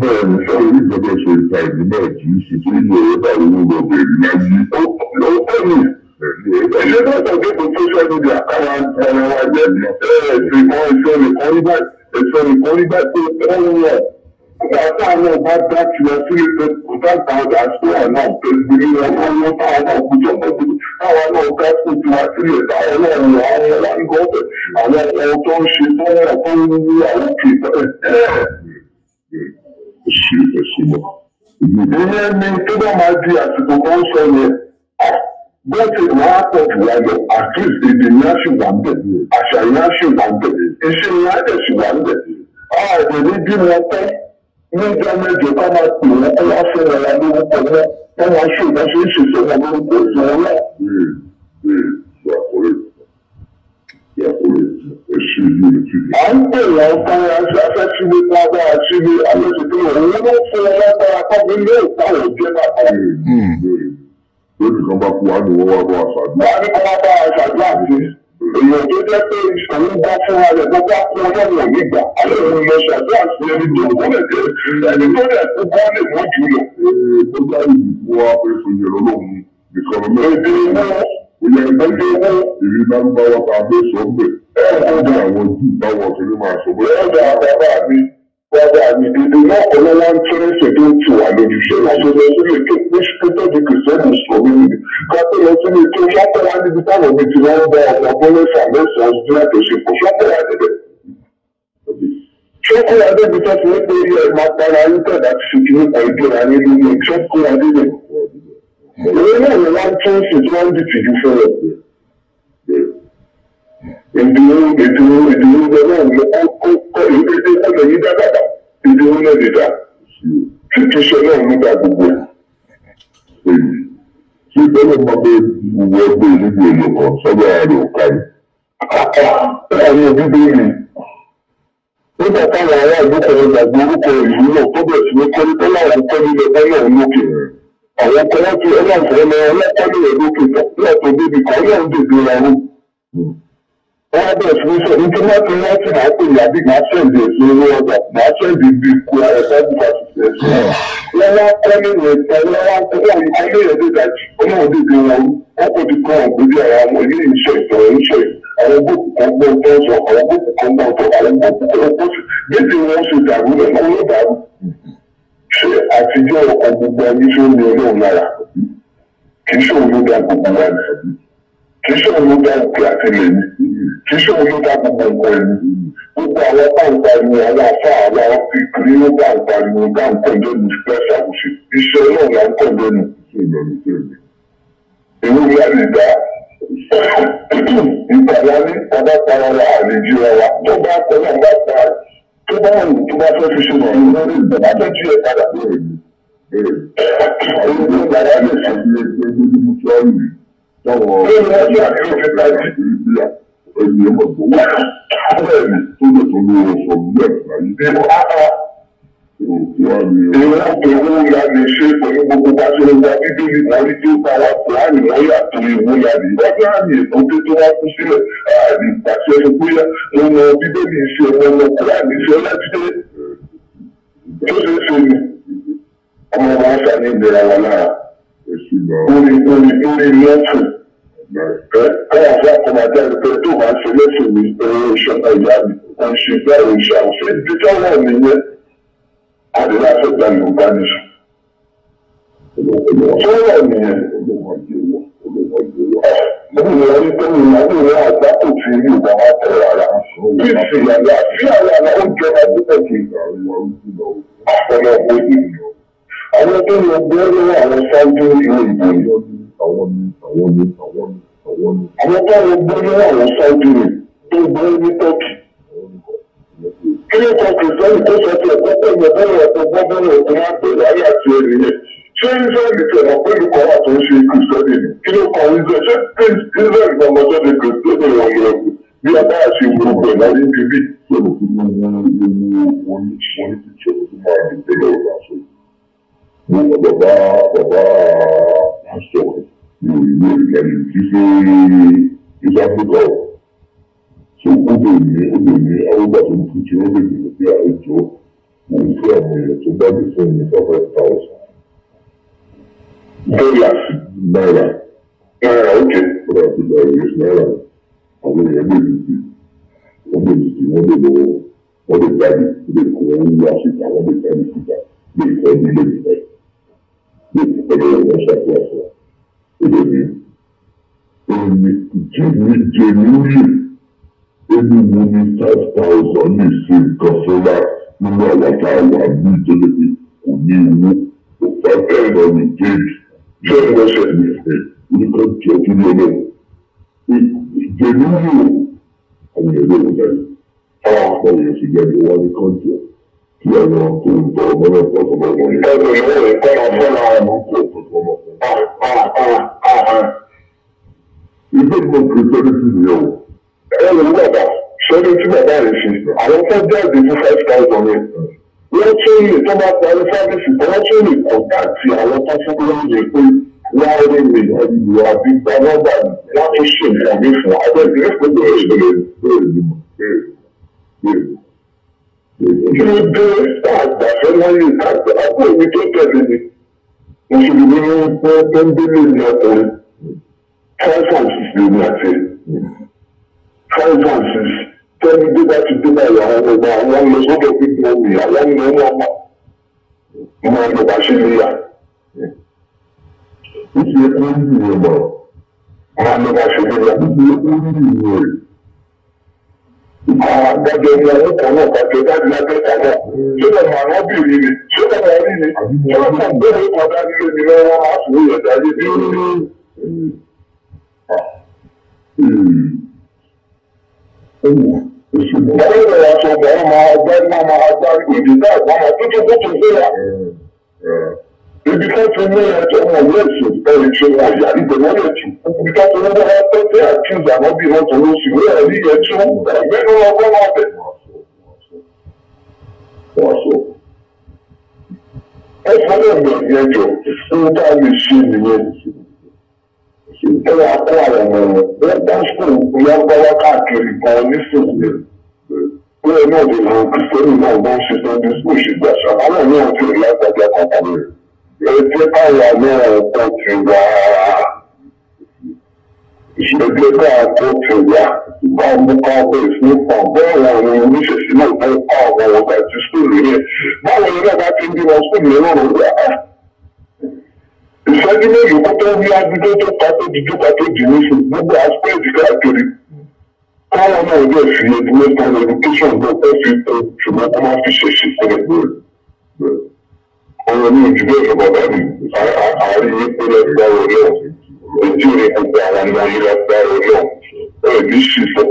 bẹ́ẹ̀ ni sọ orí gbọ́dọ̀ sọ ìta ìlú náà kì í ṣe tí ìlú ẹ̀rọ bá wúlò bẹ̀rẹ̀ láyé ó kọ́ Ṣé bàtà tó kò social media káwa ara wa jẹ́ ẹ̀sìn kan ẹ̀sọ́ nìkan nígbà ẹ̀sọ́ nìkan nígbà tó wọ́n wọ̀. Bàtà náà bá dá tiwa sílé pé kò bá gba ọ̀dà síwà náà pé gbèrè wọn wọ́n táwọn náà kú jọ mọ́tò. Káwa náà ká sí tiwa sílẹ̀ náà wọ àwọn ọlọ́ngọ́ ọ̀fẹ́. Àwọn ọ̀hún tó ń ṣe tó wọ̀ tó ń wú àwọn kì í bẹ̀rẹ̀. Ìyẹn ni tó bá máa di àsìkò kan sọ yẹn bó ti wá pọ̀ jù wá lọ at least èdè ni a ṣì wà ń bẹ̀ àṣà ni a ṣì wà ń bẹ̀ iṣẹ́ ni a dẹ̀ ṣì wà ń bẹ̀ ààrẹ ní bí wọn pẹ́ níjọ́ mẹ́jọ ká máa pè wọ́n kó wá fún wọn lórúkọ náà wọ́n máa ṣe ìdáṣe ìṣèṣe wọn lórúkọ ìṣe wọn náà. à ń pè wọ́n fúnra afẹ́ síbi lágbára síbi alẹ́ tuntun òun ló fún wọn lágbára kọ́bí lóòótọ́ òjẹ́ bàbá rẹ̀ lórí kan bá kú wa ni wọ́n wá bá wa ṣàdúrà. wọ́n á ní kó má bá wa ṣàdúrà sí èèyàn tó jẹ́ pé òun bá fúnra rẹ̀ tó bá kú ọlọ́run òní gbà alẹ́ òun lọ ṣàdúrà sí ẹni tó kọ́ lẹ̀ jẹ́ ẹni tó lẹ̀ kú bọ́ lè mọ́ jù lọ. ee tó bá ìlú fún wa pé sọyìn ọlọ́run nìkan lọ mẹ́rin. èdè owó ìyá ìgbàgbé owó èyí lárúbáwá tá a fẹ́ sọ bẹ́ẹ̀. ẹ̀ẹ́dẹ̀ àwọn jù báwọn kiri máa sọ Rather, we did not allow one chance to do to our education. So there's only two which people the Christians for me. Captain also need to shut the one the time of it to one by our opponents and themselves do not to ship for shut the one of them. Chọ́kọ́ adé bi tó ti wípé ilé ẹ̀ máa para ayé tẹ̀ láti fi kí nípa ìdí rẹ̀ ayé lórí ẹ̀ chọ́kọ́ adé rẹ̀. Ìwé náà ni wọ́n tún ṣètò wọ́n dìtìjú fún rẹ̀ ìdúró ìdúró ìdúró gbọ́dọ̀ ló kọ́ kọ́ èyí tó dé kọ́lọ̀ yìí dá bàbá ìdúró náà lè dá títí sọ náà ló dá gbogbo ẹ̀. ṣé bẹ́ẹ̀ máa bẹ gbogbo ẹgbẹ́ ìlú èèyàn kan sọ́jà rẹ̀ ò kárí. láàrin ojú bèèrè nígbà táwọn ará ìlú kan gbàgbé orúkọ ìlú náà tó bẹ̀rẹ̀ sí ní kọ́lé tó láwọn kọ́lé lọ bá náà lókè àwọn kan wọ́n ti ọlọ́ọ̀fọ́ lọ ọlọ́kọ́lé rẹ̀ lókè náà tó débi kan náà ń dèbè ra rú wọ́n bẹ̀rẹ̀ sí ní sọ nítorí wọ́n ti wọ́n ti máa pè ní àbí máa ṣẹ̀dẹ̀ sí owó ọjà máa ṣẹ̀dẹ̀ bí kú ara sábì fásitì ẹ̀sìn wọ́n wá kọ́ ní ìrẹ̀ta wọ́n wá kọ́ wọ́n ní ọmọ ìyẹn dé dájú ọmọ òde dé wọn wọ́n kò ti kọ́ wọn gbé bí ara wọn ilé ìṣe ìtọ̀ ìṣe àwọn gbòkù kan gbọ́ ọ̀tọ̀ sọ àwọn gbòkù kan gbọ́ ọ̀tọ̀ àwọn gbòkù kan gbọ́ sí bébí wọn ṣe dàrú rẹ̀ wọn ló dàrú ṣe àtijọ́ ọkọ̀ gbogbo ayé tí ó ní ọlọ́run lára kì í ṣòro ló dá gbogbo wa nìyẹn kì í ṣòwò ló dá òkè àtìlẹ yìí kì í ṣòwò ló dá gbogbo nǹkan yìí gbogbo àwọn táǹpariwo àwọn afá àwọn ìpínlẹ̀ ló táǹpariwo táǹkọ̀dọ́nù fẹ́ ṣàkóso iṣẹ́ náà là ń kọ̀dọ́nù. èwo ni a lè dá ìgbàlá ní ọba para wa àlejò wa tó bá kọ́ náà bá pa tó bá wù tó bá fẹ́ fi ṣe mọ̀ ní lórí ìgbàlá tó jí ẹ padà. èyí ló ń gbàlá lè ṣe ilé ẹgbẹ́ tó ti mú sọ́ọ̀lù yìí táwọn ọ̀rẹ́ àti ọ̀gá nàìjíríà ẹni ọmọ tó wà bẹ́ẹ̀ ni tó lè tó lè sọ nílẹ̀ àgbáyé. ìwọ ìwọ ìwọ ya lè ṣe pẹ̀lú gbogbo bá ṣe wá dídí ní wọlé tí ó bá wá pọ̀ láàrin wọ́n yà tó ìwọ ya lè wá bí káwọn fún akọmọdé ẹgbẹ́ tó máa ń ṣe lẹ́sìn ní owó ìṣọ̀nà ìyá mi wọ́n ṣe bá òrìṣà òfin dídá wọ̀ nìyẹn àdúrà fẹ́ gba yorùbá nìṣẹ́. sọ́wọ́ nìyẹn lórí ìwọ̀n ní tóbi ìwọ̀n ní ìwọ̀n àgbà kò fi rí ìwọ̀n wa tẹ̀ rárá bí ìsìnyà ní àfihàn àwọn oúnjẹ wa kì í àpọ̀lọ̀ òyìnbó àwọn tó ń lọ bẹ́ẹ̀ lọ́wọ́ àwọn sáájú ìwé ìbò yìí àwọn ni àwọn ni àwọn ni. àwọn táwọn gbóyè àwọn ṣáájú rẹ̀ tó gbóyè ní tọ́kì. kí ló kọ kò sẹ́yìn tó sọ pé ẹ̀kọ́ pé ìgbẹ́bẹ̀rẹ̀ ọ̀tọ̀ gbọ́bẹ̀rẹ̀ ọ̀tọ̀ wọn pè láyé àti ẹ̀rì rẹ̀. ṣé israẹli tẹ̀lé pẹ̀lú kan wà tó ń ṣe kìrìsìtẹ́nì ni kí ló kọ israẹli ṣé israẹli gbọmọ sọ́dọ̀ kìrìsìtẹ́nì ọ̀rọ̀ bí a bá ṣe wúrò pẹ̀ láyé bíbí pẹ̀lú fún mi wọ́n wọ́n wọ́n ti ṣe fún mi àdìgbẹ́lẹ̀ ọ̀rọ̀ àṣọ. Bàbá bàbá pásítọ̀ rẹ̀ you you can you say it's Africa o so obìnrin obìnrin arúgbà tó ń fìjì ó lè dìbò bí àwùjọ òun fún àwọn èèyàn tó bá lè fún ẹni four thousand dollars náírà náírà ojú ọ̀rọ̀ àti ìgbàlódé náírà àwọn èèyàn lè dìbò wọ́n lè dìbò wọ́n lè lọ́wọ́ wọ́n lè jáde wọ́n lè kó wọn wá síta wọ́n lè jáde síta lè fẹ́ bí lè dìbò lè fẹ́ bí wọ́n ṣàkóso èmi èmi jí mi jẹ lóyè ẹni mo ní five thousand lè ṣe nǹkan fúnra nínú àwọn tá a wà ní ìjọba pé kò ní owó kò bá bẹ́ẹ̀ lọ ní géèjì bí ẹni wọ́n ṣe ní ẹ̀ oníkan jẹ́ kí ní ọlọ́run ìjẹ lóyè o àwọn èèyàn lè wọ́n bẹ́ẹ̀ àwọn àpọ̀ èèyàn sì gbẹ́ni wọ́n ní kan jẹ́ kí àwọn tó ń bọ̀ ọmọ náà pọ̀ tó bọ̀ wọ́n ní. ẹ̀rọ ìwé ìkọ́nà fún àwọn ọmọ kò tó tó ọmọ ilé ìgbọ̀n kìrìtọ́rìtì ni o. ẹ wò bàbá sọ́dún tí bàbá rẹ̀ ṣe àwọn tó jáde ní five thousand rẹ̀ wọ́n tún lè tó bá parí sáfíìsì kan wọ́n tún lè kọ̀ǹtàkì àwọn tó fún lóúnjẹ pé wọ́n á rí mi ìlú àbí gba nọ́mbà wọ́n tún ṣe nǹkan mi fún abẹ́rẹ́ ìrẹ́pẹ̀ bẹ̀rẹ̀ ìbẹ̀rẹ̀ bẹ̀rẹ̀ ìbímọ. Ilé dé àgbàfẹ́ láyé àgbà àbúrò mi tó tẹ̀lé mi. Mùsùlùmí ni wọ́n tó ń délé ní ọkùnrin five and six ló ní àti five and six tẹ́ni dé bá ti dé báyìí àwọn ọmọ àwọn lọ sọ́dọ̀ pípọ̀ omi àwọn ń lọ ọmọ ọmọ ọmọ bá ṣe lè yà. ó ṣe é kó ní ìwé mọ̀ ọmọ ọmọ bá ṣe lè yà. ó ṣe é kó ní ìwé rẹ̀. àwọn adájọ́ ni àwọn kan náà bàjẹ́ dájú lábẹ́ta náà ṣé ọmọ àwọn bìnrin ni ṣé ọmọ rí ni ṣé ọmọ bẹ́ẹ̀ ni ọ̀dà nílé ni lọ́wọ́ àtúwò yẹn dájú bí ó ní. Ìgbàlódé ìwà ṣọ̀gbọ̀n máa ọgbẹ́ náà máa agbárí òdì náà wọ́n máa tuntun tuntun síra. Ibi tó ti mú ẹjọ́ wọn ló èsì ẹ̀rì ṣe wọn ìyá ìgbẹ́ wọn lè tù. Ibi tó ti mú wọn tẹ́tẹ́ àti ìgbàgbọ́ bí wọn tòun sì wé ẹ̀rí yẹn tú. Ẹ̀gbẹ́nu ọgbọ́n wọn bẹ̀. Wọ́n sọ. Ẹ fọ́nà ìgbà yẹn jọ, ohun tá a lè ṣe nìyẹn. Então, agora, eu posso não colocar aquele pão nisso mesmo. Pelo amor de Deus, que os eu não se estão discutindo dessa forma, não, que já está aqui acompanhando. Esse eu não continuar. Secretário continuar. Vamos talvez no problema, no início, se não for algo da discussão. Vamos levar aqui de nosso primeiro lugar. ìṣẹ́jú mélòó kó tó rí agbígbé tó ká tó di jókòó tó dì ní sùn gbogbo aspect káàkiri káwọn náà yóò fi education education náà kó fi tó ṣùgbọ́n kó má fi ṣe ṣe sílẹ̀ lórí ọ̀rọ̀ ní ìdílé ìjọba báyìí àárín epo lẹ́nu dáwọ́ lẹ́wọ̀n ojú rẹ̀ gbogbo àwọn ọmọ yìí lọ dáwọ́ lẹ́wọ̀n ọ̀rọ̀ ní ṣìṣọ́.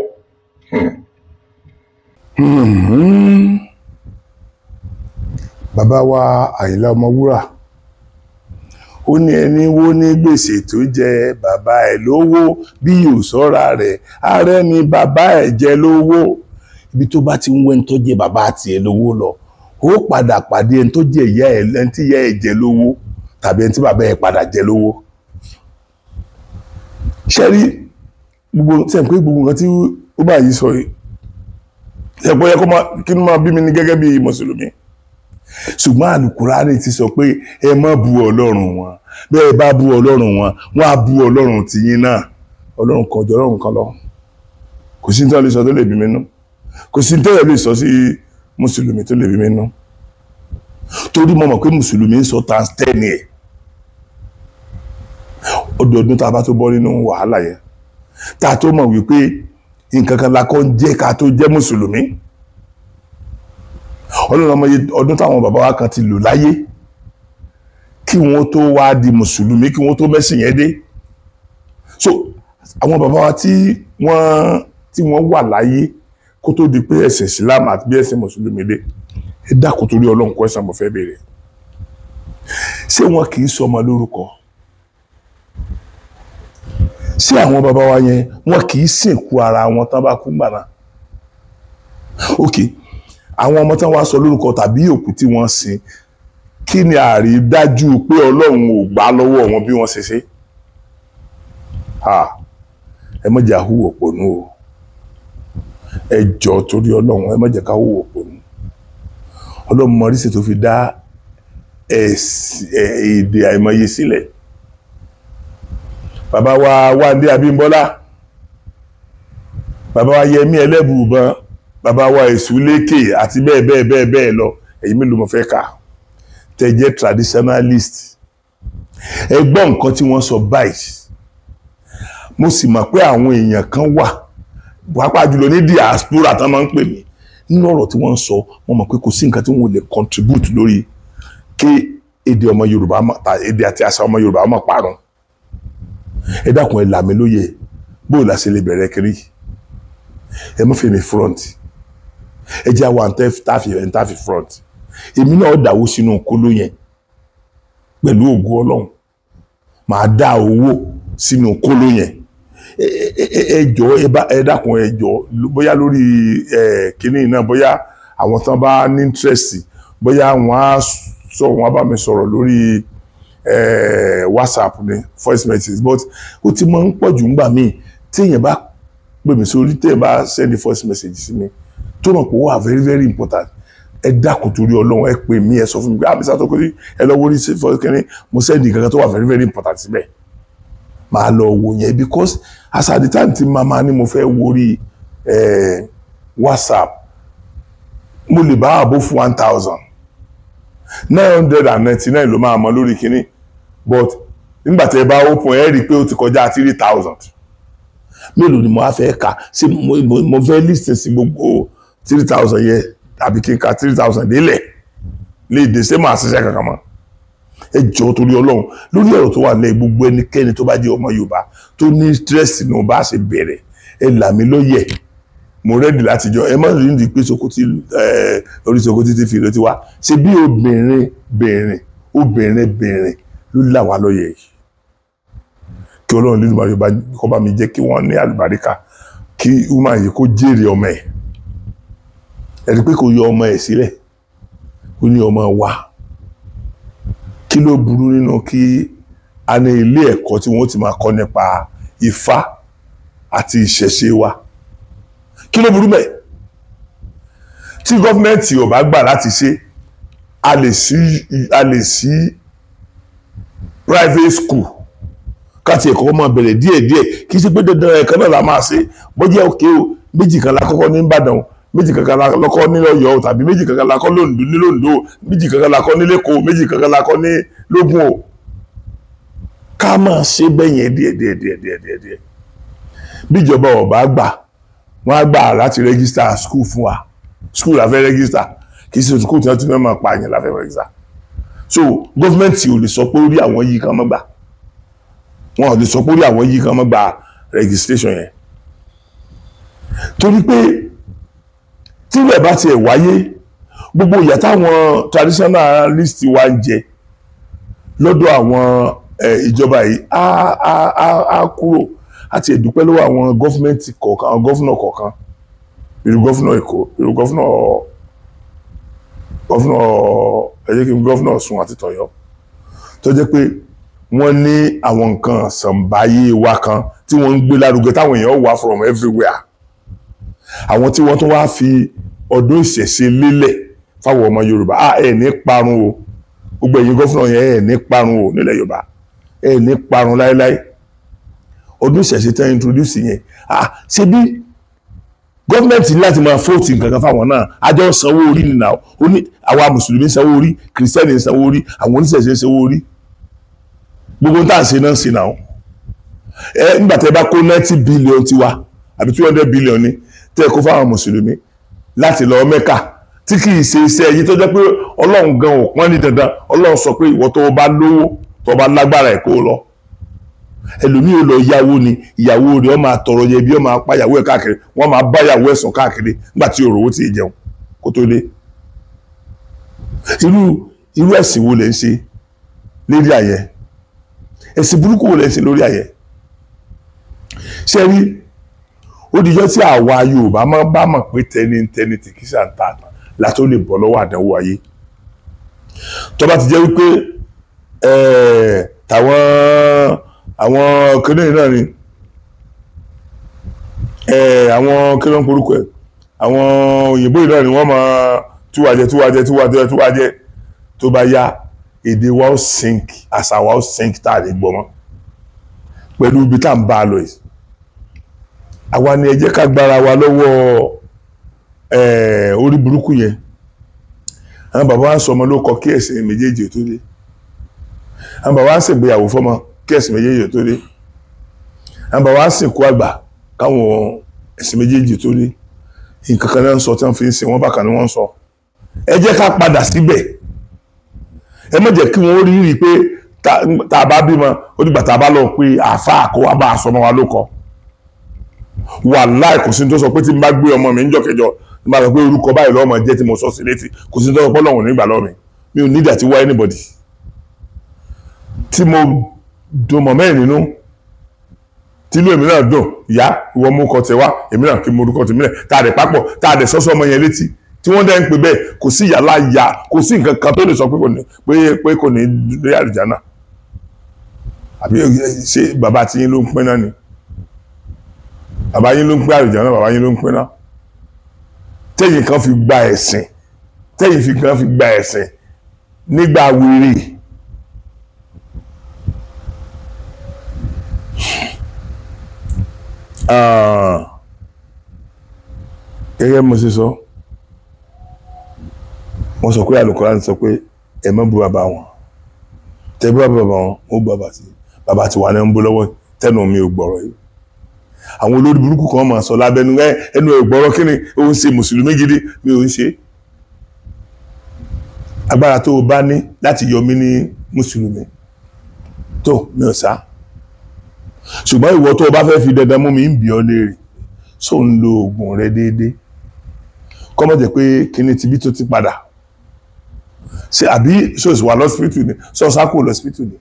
bàbá wa Àyìnlá Ọmọwúrà ó ní ẹni wó ní gbèsè tó jẹ bàbá ẹ lówó bí yóò sọ́ra rẹ̀ ààrẹ ni bàbá ẹ jẹ lówó ibi tó bá ti ń wẹ́ni tó jẹ bàbá àti ẹ lówó lọ ó padà pàdé ẹni tó jẹ ìyá ẹ ẹni tí ìyá ẹ jẹ lówó tàbí ẹni tí bàbá ẹ padà jẹ lówó ṣẹ́rí gbogbo tẹ̀ pé gbogbo nǹkan tí ó bá yìí sọ yìí ẹ̀pọ̀ yẹ kí ló máa bí mi ní gẹ́gẹ́ bí mùsùlùmí ṣùgbọ́n àlùkùránì ti sọ pé ẹ má bu ọlọ́run wọn bẹ́ẹ̀ bá bú ọlọ́run wọn wọ́n á bú ọlọ́run tìyín náà ọlọ́run kan jọ ọlọ́run kan lọ kò sí tó lè sọ tó lè bí mi nú kò sí tó lè sọ sí mùsùlùmí tó lè bí mi nú torí mo mọ̀ pé mùsùlùmí ń sọ tán tẹ́ni ẹ̀ ọdọọdún tá a bá tó bọ́ nínú wàhálà yẹn tá a tó mọ̀ wípé nǹkan kan la kọ́ ń jẹ́ ká tó jẹ́ mùsùlùmí ọlọ́run ọmọ ọdún táwọn bàbá wa kan ti lò láyé kí wọ́n tó wá di mùsùlùmí kí wọ́n tó mẹ́sìn yẹn dé so àwọn bàbá wa tí wọ́n tí wọ́n wà láyé kó tó di pé ẹ̀sìn islam àti bí ẹ̀sìn mùsùlùmí dé ẹ dákun torí ọlọ́run kọ́ ẹ̀sán mo fẹ́ béèrè ṣé wọn kì í sọmọ lórúkọ ṣé àwọn bàbá wa yẹn wọn kì í sìnkú ara wọn tán bá kú gbàrà ok àwọn ọmọ tán wá sọ lórúkọ tàbí òkú tí wọ́n sin kí ni àrídájú pé ọlọ́run ò gbà lọ́wọ́ wọn bí wọ́n ṣe ṣe ẹ má jẹ́ àhúwò pònú o ẹ jọ torí ọlọ́run ẹ má jẹ́ káhúwò pònú ọlọ́run mọ ríṣẹ́ tó fi dá èdè àìmọye sílẹ̀ bàbá wa Wándé Abímbọ́lá bàbá wa Yẹmí Ẹlẹ́bùbọn bàbá wa Èṣù Lékè àti bẹ́ẹ̀ bẹ́ẹ̀ bẹ́ẹ̀ bẹ́ẹ̀ lọ èyí mélòó mo fẹ́ kà á tẹ jẹ́ traditionalist ẹ gbọ́ nǹkan tí wọ́n sọ báyìí mo sì mọ̀ pé àwọn èèyàn kan wà pàápàá jùlọ ní diaspora tán máa ń pè mí nínú ọ̀rọ̀ tí wọ́n sọ mo mọ̀ pé kò sí nǹkan tí wọ́n lè contribute lórí kí èdè ọmọ Yorùbá èdè àti àṣà ọmọ Yorùbá máa parun ẹ dákun ẹ là mí lóye bó o là ṣe lè bẹ̀rẹ̀ kiri ẹ mọ̀ fi mi front ẹ jẹ́ àwọn àǹtẹ́ tá a fi front èmi náà dàwó sínú kóló yẹn pẹ̀lú ògo ọlọ́run màá dá owó sínú kóló yẹn ẹ jọ̀ọ́ ẹ dákun ẹ jọ̀ọ́ bóyá lórí kínní náà bóyá àwọn tán bá ní interest bóyá wọn á sọ wọn á bá mi sọ̀rọ̀ lórí whatsapp ni voice message but ó ti máa ń pọ̀jù ńgbà míì téèyàn bá pè mí sórí téèyàn bá send voice message sí mi tó mọ̀ pé ó wà very very important ẹ dákun torí ọlọ́run ẹ pè mí ẹ sọ fún mi pé àmì sátọ kiri ẹ lọ wọlé sí fọkẹrin mo sẹ́ẹ̀dì kankan tó wà very very important síbẹ̀ máa lọ wò yẹn because as at the time tí màmá ni mo fẹ́ wọrí whatsapp mo lè bá àbò fún one thousand nine hundred and ninety nine ló máa mọ lórí kínní but nígbà tí ẹ bá open ẹ rí i pé ó ti kọjá three thousand mélòó ni mo á fẹ́ kà ṣé mo fẹ́ list sí gbogbo three thousand yẹn àbí kí n ka three thousand délẹ̀ lè dé ṣé màá ṣiṣẹ́ kankan mọ́ ẹ jọ̀ọ́ torí ọlọ́run lórí ọ̀rọ̀ tó wà lẹ́ gbogbo ẹnikẹ́ni tó bá jẹ́ ọmọ yorùbá tó ní stress ní o bá ṣe bẹ̀rẹ̀ ẹ là mí lóye mo rẹ́dì láti jọ ẹ má rí ní pé sokoti orí sokoti ti fi ìrètí wá ṣe bí obìnrin bìnrin obìnrin bìnrin ló là wá lóye yìí kí ọlọ́run lílùbáyọ̀ bá kọ́ bá mi jẹ́ kí wọ́n ní àlùbáríkà kí woman yìí kó jèrè ọmọ ẹ̀ ẹni pé kò yọ ọmọ ẹ̀ sílẹ̀ ó ní ọmọ wa kí ló burú nínú kí a ní ilé ẹ̀kọ́ tí wọ́n ti máa kọ́ nípa Ifá àti ìṣẹ̀ṣe wa kí ló burú bẹ́ẹ̀ tí gọ́fìmẹ̀ntì ò bá gbà láti ṣe a lè sí a lè sí private school káti ẹ̀kọ́ máa bẹ̀rẹ̀ díẹ̀díẹ̀ kì í ṣe pé dandan ẹ̀kan náà la máa ṣe bọ́jẹ́ òkè o méjì kan la kọ́kọ́ ní Ìbàdàn méjì kankan lakọ́ nílọ́yọ̀ tàbí méjì kankan lakọ́ nílòǹdó méjì kankan lakọ́ nílẹ́kọ̀ọ́ méjì kankan lakọ́ ní lógún o ká máa ṣe bẹ́yẹn díẹ̀díẹ̀díẹ̀díẹ̀díẹ̀ bíjọba ò bá gbà wọ́n á gbà láti rẹ́gísítà skul fún wa skul la fẹ́ rẹ́gísítà kì í ṣe skul tí wọ́n ti fẹ́ máa pààyàn la fẹ́ rẹ́gísítà so gọ́fìmẹ̀ntì ò lè sọ pé orí àwọn yìí kan mọ́ gbà wọn ò lè sọ pé orí àwọn yìí kan mọ́ gbà registration yẹn torí pé tírú ẹ̀ bá tiẹ̀ wáyé gbogbo ìyà táwọn traditionalist wa ń jẹ lọ́dọ̀ àwọn ìjọba yìí á á á á kúrò àti ìdúpẹ́ lọ́wọ́ àwọn gọ́fúmẹ́ntì kọ̀ọ̀kan àwọn gọ́fúnà kọ̀ọ̀kan irú gọ́fúnà Èkó irú gọ́fúnà gọ́fúnà ẹ̀yẹ́kìm gọ́fúnà Ọ̀ṣun àti tọ̀yọ́ tó jẹ́ pé wọ́n ní àwọn nǹkan ṣàǹbáyé wa kan tí wọ́n ń gbé lárugẹ táwọn èèyàn wà from everywhere àwọn tí wọ́n tún wá fi ọdún ìṣẹ̀ṣe lélẹ̀ fáwọn ọmọ yorùbá a ẹ̀ ní parun o gbogbo ẹ̀yin gọ́fúnà yẹn ẹ̀ ní parun o nílẹ̀ yorùbá ẹ̀ ní parun láéláé ọdún ìṣẹ̀ṣe tẹ́ introduce yẹn a ṣe bí gọ́ọ̀mẹ̀ntì láti máa fóòtì nǹkan kan fáwọn náà àjọ sanwó orí nìna ó ní àwa mùsùlùmí sanwó orí kìrìsìtẹ́nì sanwó orí àwọn oníṣẹ̀ṣe sanwó orí gbogbo tá à ń ṣe náà ń ṣe náà ẹ nígbà tẹ bá kó ninety billion tiwa àbí two hundred billion ni tẹ kó fáwọn mùsùlùmí láti lọ mẹ́kà tí kì í ṣe iṣẹ́ yìí tó jẹ́ pé ọlọ́run gan ò pọ́n ní dandan ọlọ́run sọ pé ìwọ tó o bá lówó tó o bá lágbára ẹ̀ kó o lọ ẹlòmíì ò lọ yàwó ni ìyàwó rẹ̀ ó máa tọrọ yẹ bí ó máa pa ìyàwó ẹ̀ káàkiri wọ́n máa bá yàwó ẹ̀sùn káàkiri nígbà tí òrówó ti jẹun kó tó dé irú irú ẹ̀sìn wo lẹ ń ṣe lórí ayẹ ẹ̀sìn burúkú wo lẹ ń ṣe lórí ayẹ ṣe ó dijọ́ tí àwa Yorùbá máa bá mọ̀ pé tẹnitẹni tìkísà ń ta àtàn látó lè bọ́ lọ́wọ́ àdánwò ayé tó bá ti jẹ́ wípé tàwọn àwọn kìnìún náà ni àwọn kìnìún porúkọ ẹ̀ àwọn òyìnbó yìí náà ni wọ́n máa túwàjẹ túwàjẹ túwàjẹ túwàjẹ tó bá yá èdè wa ó sink àṣà wa ó sink tá a lè gbọ́ mọ́ pẹ̀lú ibi tá à ń bá a lọ yìí àwa ni ẹ jẹ́ ká gbára wa lọ́wọ́ orí burúkú yẹn àwọn bàbá wa ń sọ ọmọ ló kọ kí ẹ̀sìn méjèèjì tó dé àwọn bàbá wa ń ṣègbéyàwó fọmọ kí ẹ̀sìn méjèèjì tó dé àwọn bàbá wa ń sìnkú àgbà káwọn ẹ̀sìn méjèèjì tó dé nǹkan kan náà ń sọ tí wọ́n fi ń sìn wọ́n bàkan ni wọ́n ń sọ ẹ ká padà síbẹ̀ ẹ má jẹ́ kí wọ́n rí rí pé tá a bá bímọ ó dìgbà tá a bá lọ pé àáfàá kó wá bá a sọmọ wa ló kọ́ wàláì kò sí tó sọ pé tí n bá gbé ọmọ mi ń jọkẹjọ n bá sọ pé orúkọ báyìí lọ́mọ jẹ́ tí mo sọ sí létí kò sí tó sọ pé ọlọ́run nígbà lọ́mi mi ò nídìí àti wá anybody tí mo dùn mọ̀ mẹ́rin nínú tínú èmi náà dùn ìyá ìwọ mú kọ tẹwá èmi náà kí mo rúkọ tèmi náà tá a dẹ̀ papọ̀ tá a dẹ̀ sọ́sọ́ ọmọ yẹn létí tí wọ́n dẹ́ ń pè bẹ́ẹ̀ kò sí ìyá láyà kò sí nǹkan kan tó lè sọ pé kò ní pé pé kò ní rí àlùjá náà àbí ṣé bàbá tiyín ló ń pín náà ni bàbá yín ló ń pé àlùjá náà bàbá yín ló ń pé náà tẹ́yìn kan fi gba ẹ̀sìn tẹ́yìn fi kan fi gba ẹ̀sìn nígbà wíìrì ah, gẹ́gẹ́ mo ṣe sọ wọ́n sọ pé àlùkòrán sọ pé ẹ má bú bàbá wọn tẹ́ bú bàbá wọn ó bú bàbá tí bàbá tí wà ní ń bú lọ́wọ́ tẹ́nu mi ò gbọ́rọ̀ yìí àwọn olórí burúkú kan máa sọ lábẹ́nu ẹ ẹnu ẹ̀ kí ni ó ń ṣe mùsùlùmí gidi mi ò ń ṣe. agbára tó o bá ní láti yọ mí ní mùsùlùmí tó mi ò sá ṣùgbọ́n ìwọ tó o bá fẹ́ fi dandan mú mi ń bì ọ́ léèrè ṣó ń lo oògùn rẹ déédéé kọ́mọ̀ jẹ́ pé kíní tibí tó ti padà ṣe àbí ṣòṣì wà lọ́sípítù ni ṣọ́ọ̀ṣà kù lọ́sípítù ni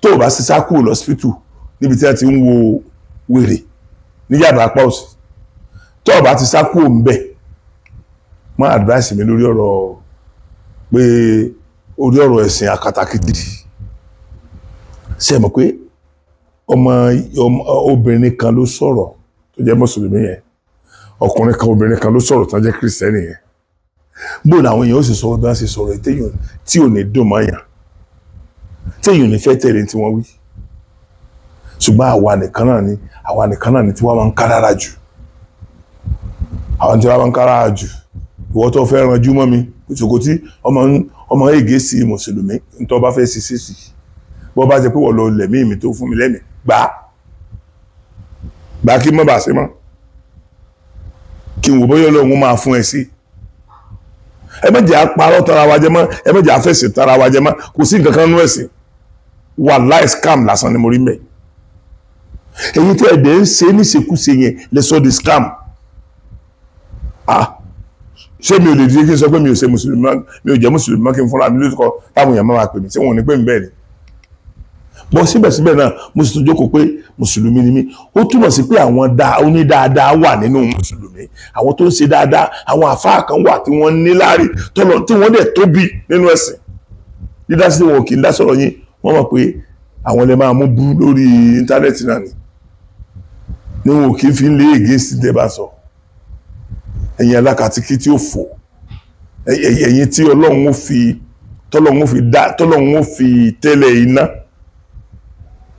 tó o bá ṣiṣá kù lọ́sípítù níbi tí a ti ń wo wèrè níyàrá apá òsì tó o bá ti sá kúrò ń bẹ̀ máa advice mi lórí ọ̀rọ̀ pé orí ọ̀rọ̀ ẹ̀sìn akatakiti ṣe mọ̀ pé ọmọ obìnrin kan ló sọ̀rọ̀ tó jẹ́ mùsùlùmí yẹn ọkùnrin kan obìnrin kan ló sọ̀rọ̀ tó jẹ́ kìrìsìtẹ́nì yẹn bó làwọn èèyàn ó sì sọ̀rọ̀ bí wọ́n ṣe sọ̀rọ̀ tí ò ní dùn mọ́ yàn tí èèyàn ò ní fẹ́ tẹ̀lé tí wọ́n wí ṣùgbọ́n àwa nìkan náà ni àwa nìkan náà ni tí wọ́n máa ń kárára jù àwọn tí wọ́n máa ń kárára jù ìwọ́n tó fẹ́ ranjú mọ́ mi ìṣòkò tí ọmọ ègé sí mùsùlùmí nítorí bá fẹ́ sí sí sí bọ́ bá jẹ́ pé wọ́n lọ lẹ̀mí mi tó fún mi lẹ́mí gbà á gbà á kí mọ́ bàá ṣe mọ́ kí n wò bóyá Ọlọ́run máa fún ẹ sí ẹ mẹ́jẹ̀ á parọ́ tara wa jẹ mọ́ ẹ mẹ́jẹ̀ á fẹ̀sẹ̀ tara wa jẹ mọ́ kò sí nǹkan kan nú ẹ̀sìn wà láì scam lásán ni mo rí mẹ́ẹ̀ èyí tẹ́ ẹ̀dẹ̀ ń ṣe níṣekúṣe yẹn lè sọ di scam ah ṣé mi ò lè dìde kí n sọ pé mi ò ṣe mùsùlùmí mi ò jẹ́ mùsùlùmí mọ́ kí n fúnra mi lóṣù kan táwọn èèyàn máa pè mí tí wọ́n ò ní pè mí bẹ́ẹ̀ ni bọ́ síbẹ̀síbẹ̀ náà mo sì tún jókòó pé mùsùlùmí ni mí ó túmọ̀ sí pé àwọn onídáadáa wà nínú mùsùlùmí àwọn tó ń ṣe dáadáa àwọn àfáà kan wà tí wọ́n ní láàrí tọ́lọ̀ tí wọ́n dẹ̀ tóbi nínú ẹ̀sìn dídá sí wọn kì í dá sọ̀rọ̀ yín wọ́n mọ̀ pé àwọn lè máa mú bú lórí íńtánẹ́ẹ̀tì náà ni ni wọn ò kì í fi lé ègé sí tẹ́ bá sọ ẹ̀yin alákatíkí tí ó fò ẹ̀yin tí ọlọ́run ó fi tọ́lọ́run ó fi dá tọ́lọ́run ó fi tẹ́lẹ̀ iná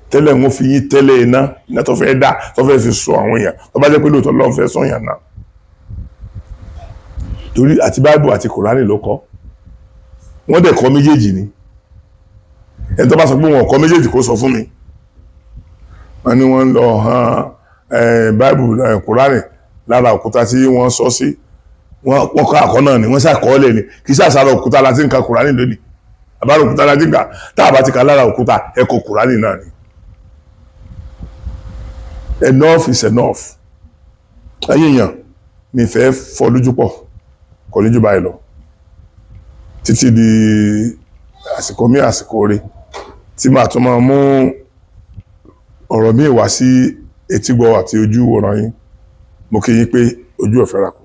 tẹ́lẹ̀ ń fi yín tẹ́lẹ̀ iná iná tó fẹ́ dá tó fẹ́ fi sọ àwọn èèyàn tó bá jẹ́ pé lóòótọ́ lọ́n fẹ́ sọ̀yàn náà torí àti báìbù àti kòránì ló kọ́ wọ́n dẹ̀ kọ́ méjèèjì ni ẹni tó bá sọ pé wọn ò kọ́ méjèèjì kó sọ fún mi wọ́n ní wọ́n lọ hàn án báìbù kúránì lára òkúta tí wọ́n sọ sí wọ́n kọ́ àkọ́ náà ni wọ́n ṣàkọọ́lẹ̀ ni kì í ṣàṣàrọ̀ òkúta láti ń ka kúránì lónìí àbára òkúta láti ń kà tá a bá ti ka lára òkúta ẹ̀kọ́ kúránì náà ni. enough is enough ẹ̀yin èèyàn mi fẹ́ fọ́ lójú pọ̀ kọ́ lójú báyìí lọ títí di àsìkò mi àsìkò rẹ̀ tí màá tún máa mú ọ̀rọ̀ mi wá sí etí gbọ́ àti ojú wòran yín mo kí yín pé ojú ọ̀fẹ́ rà kù.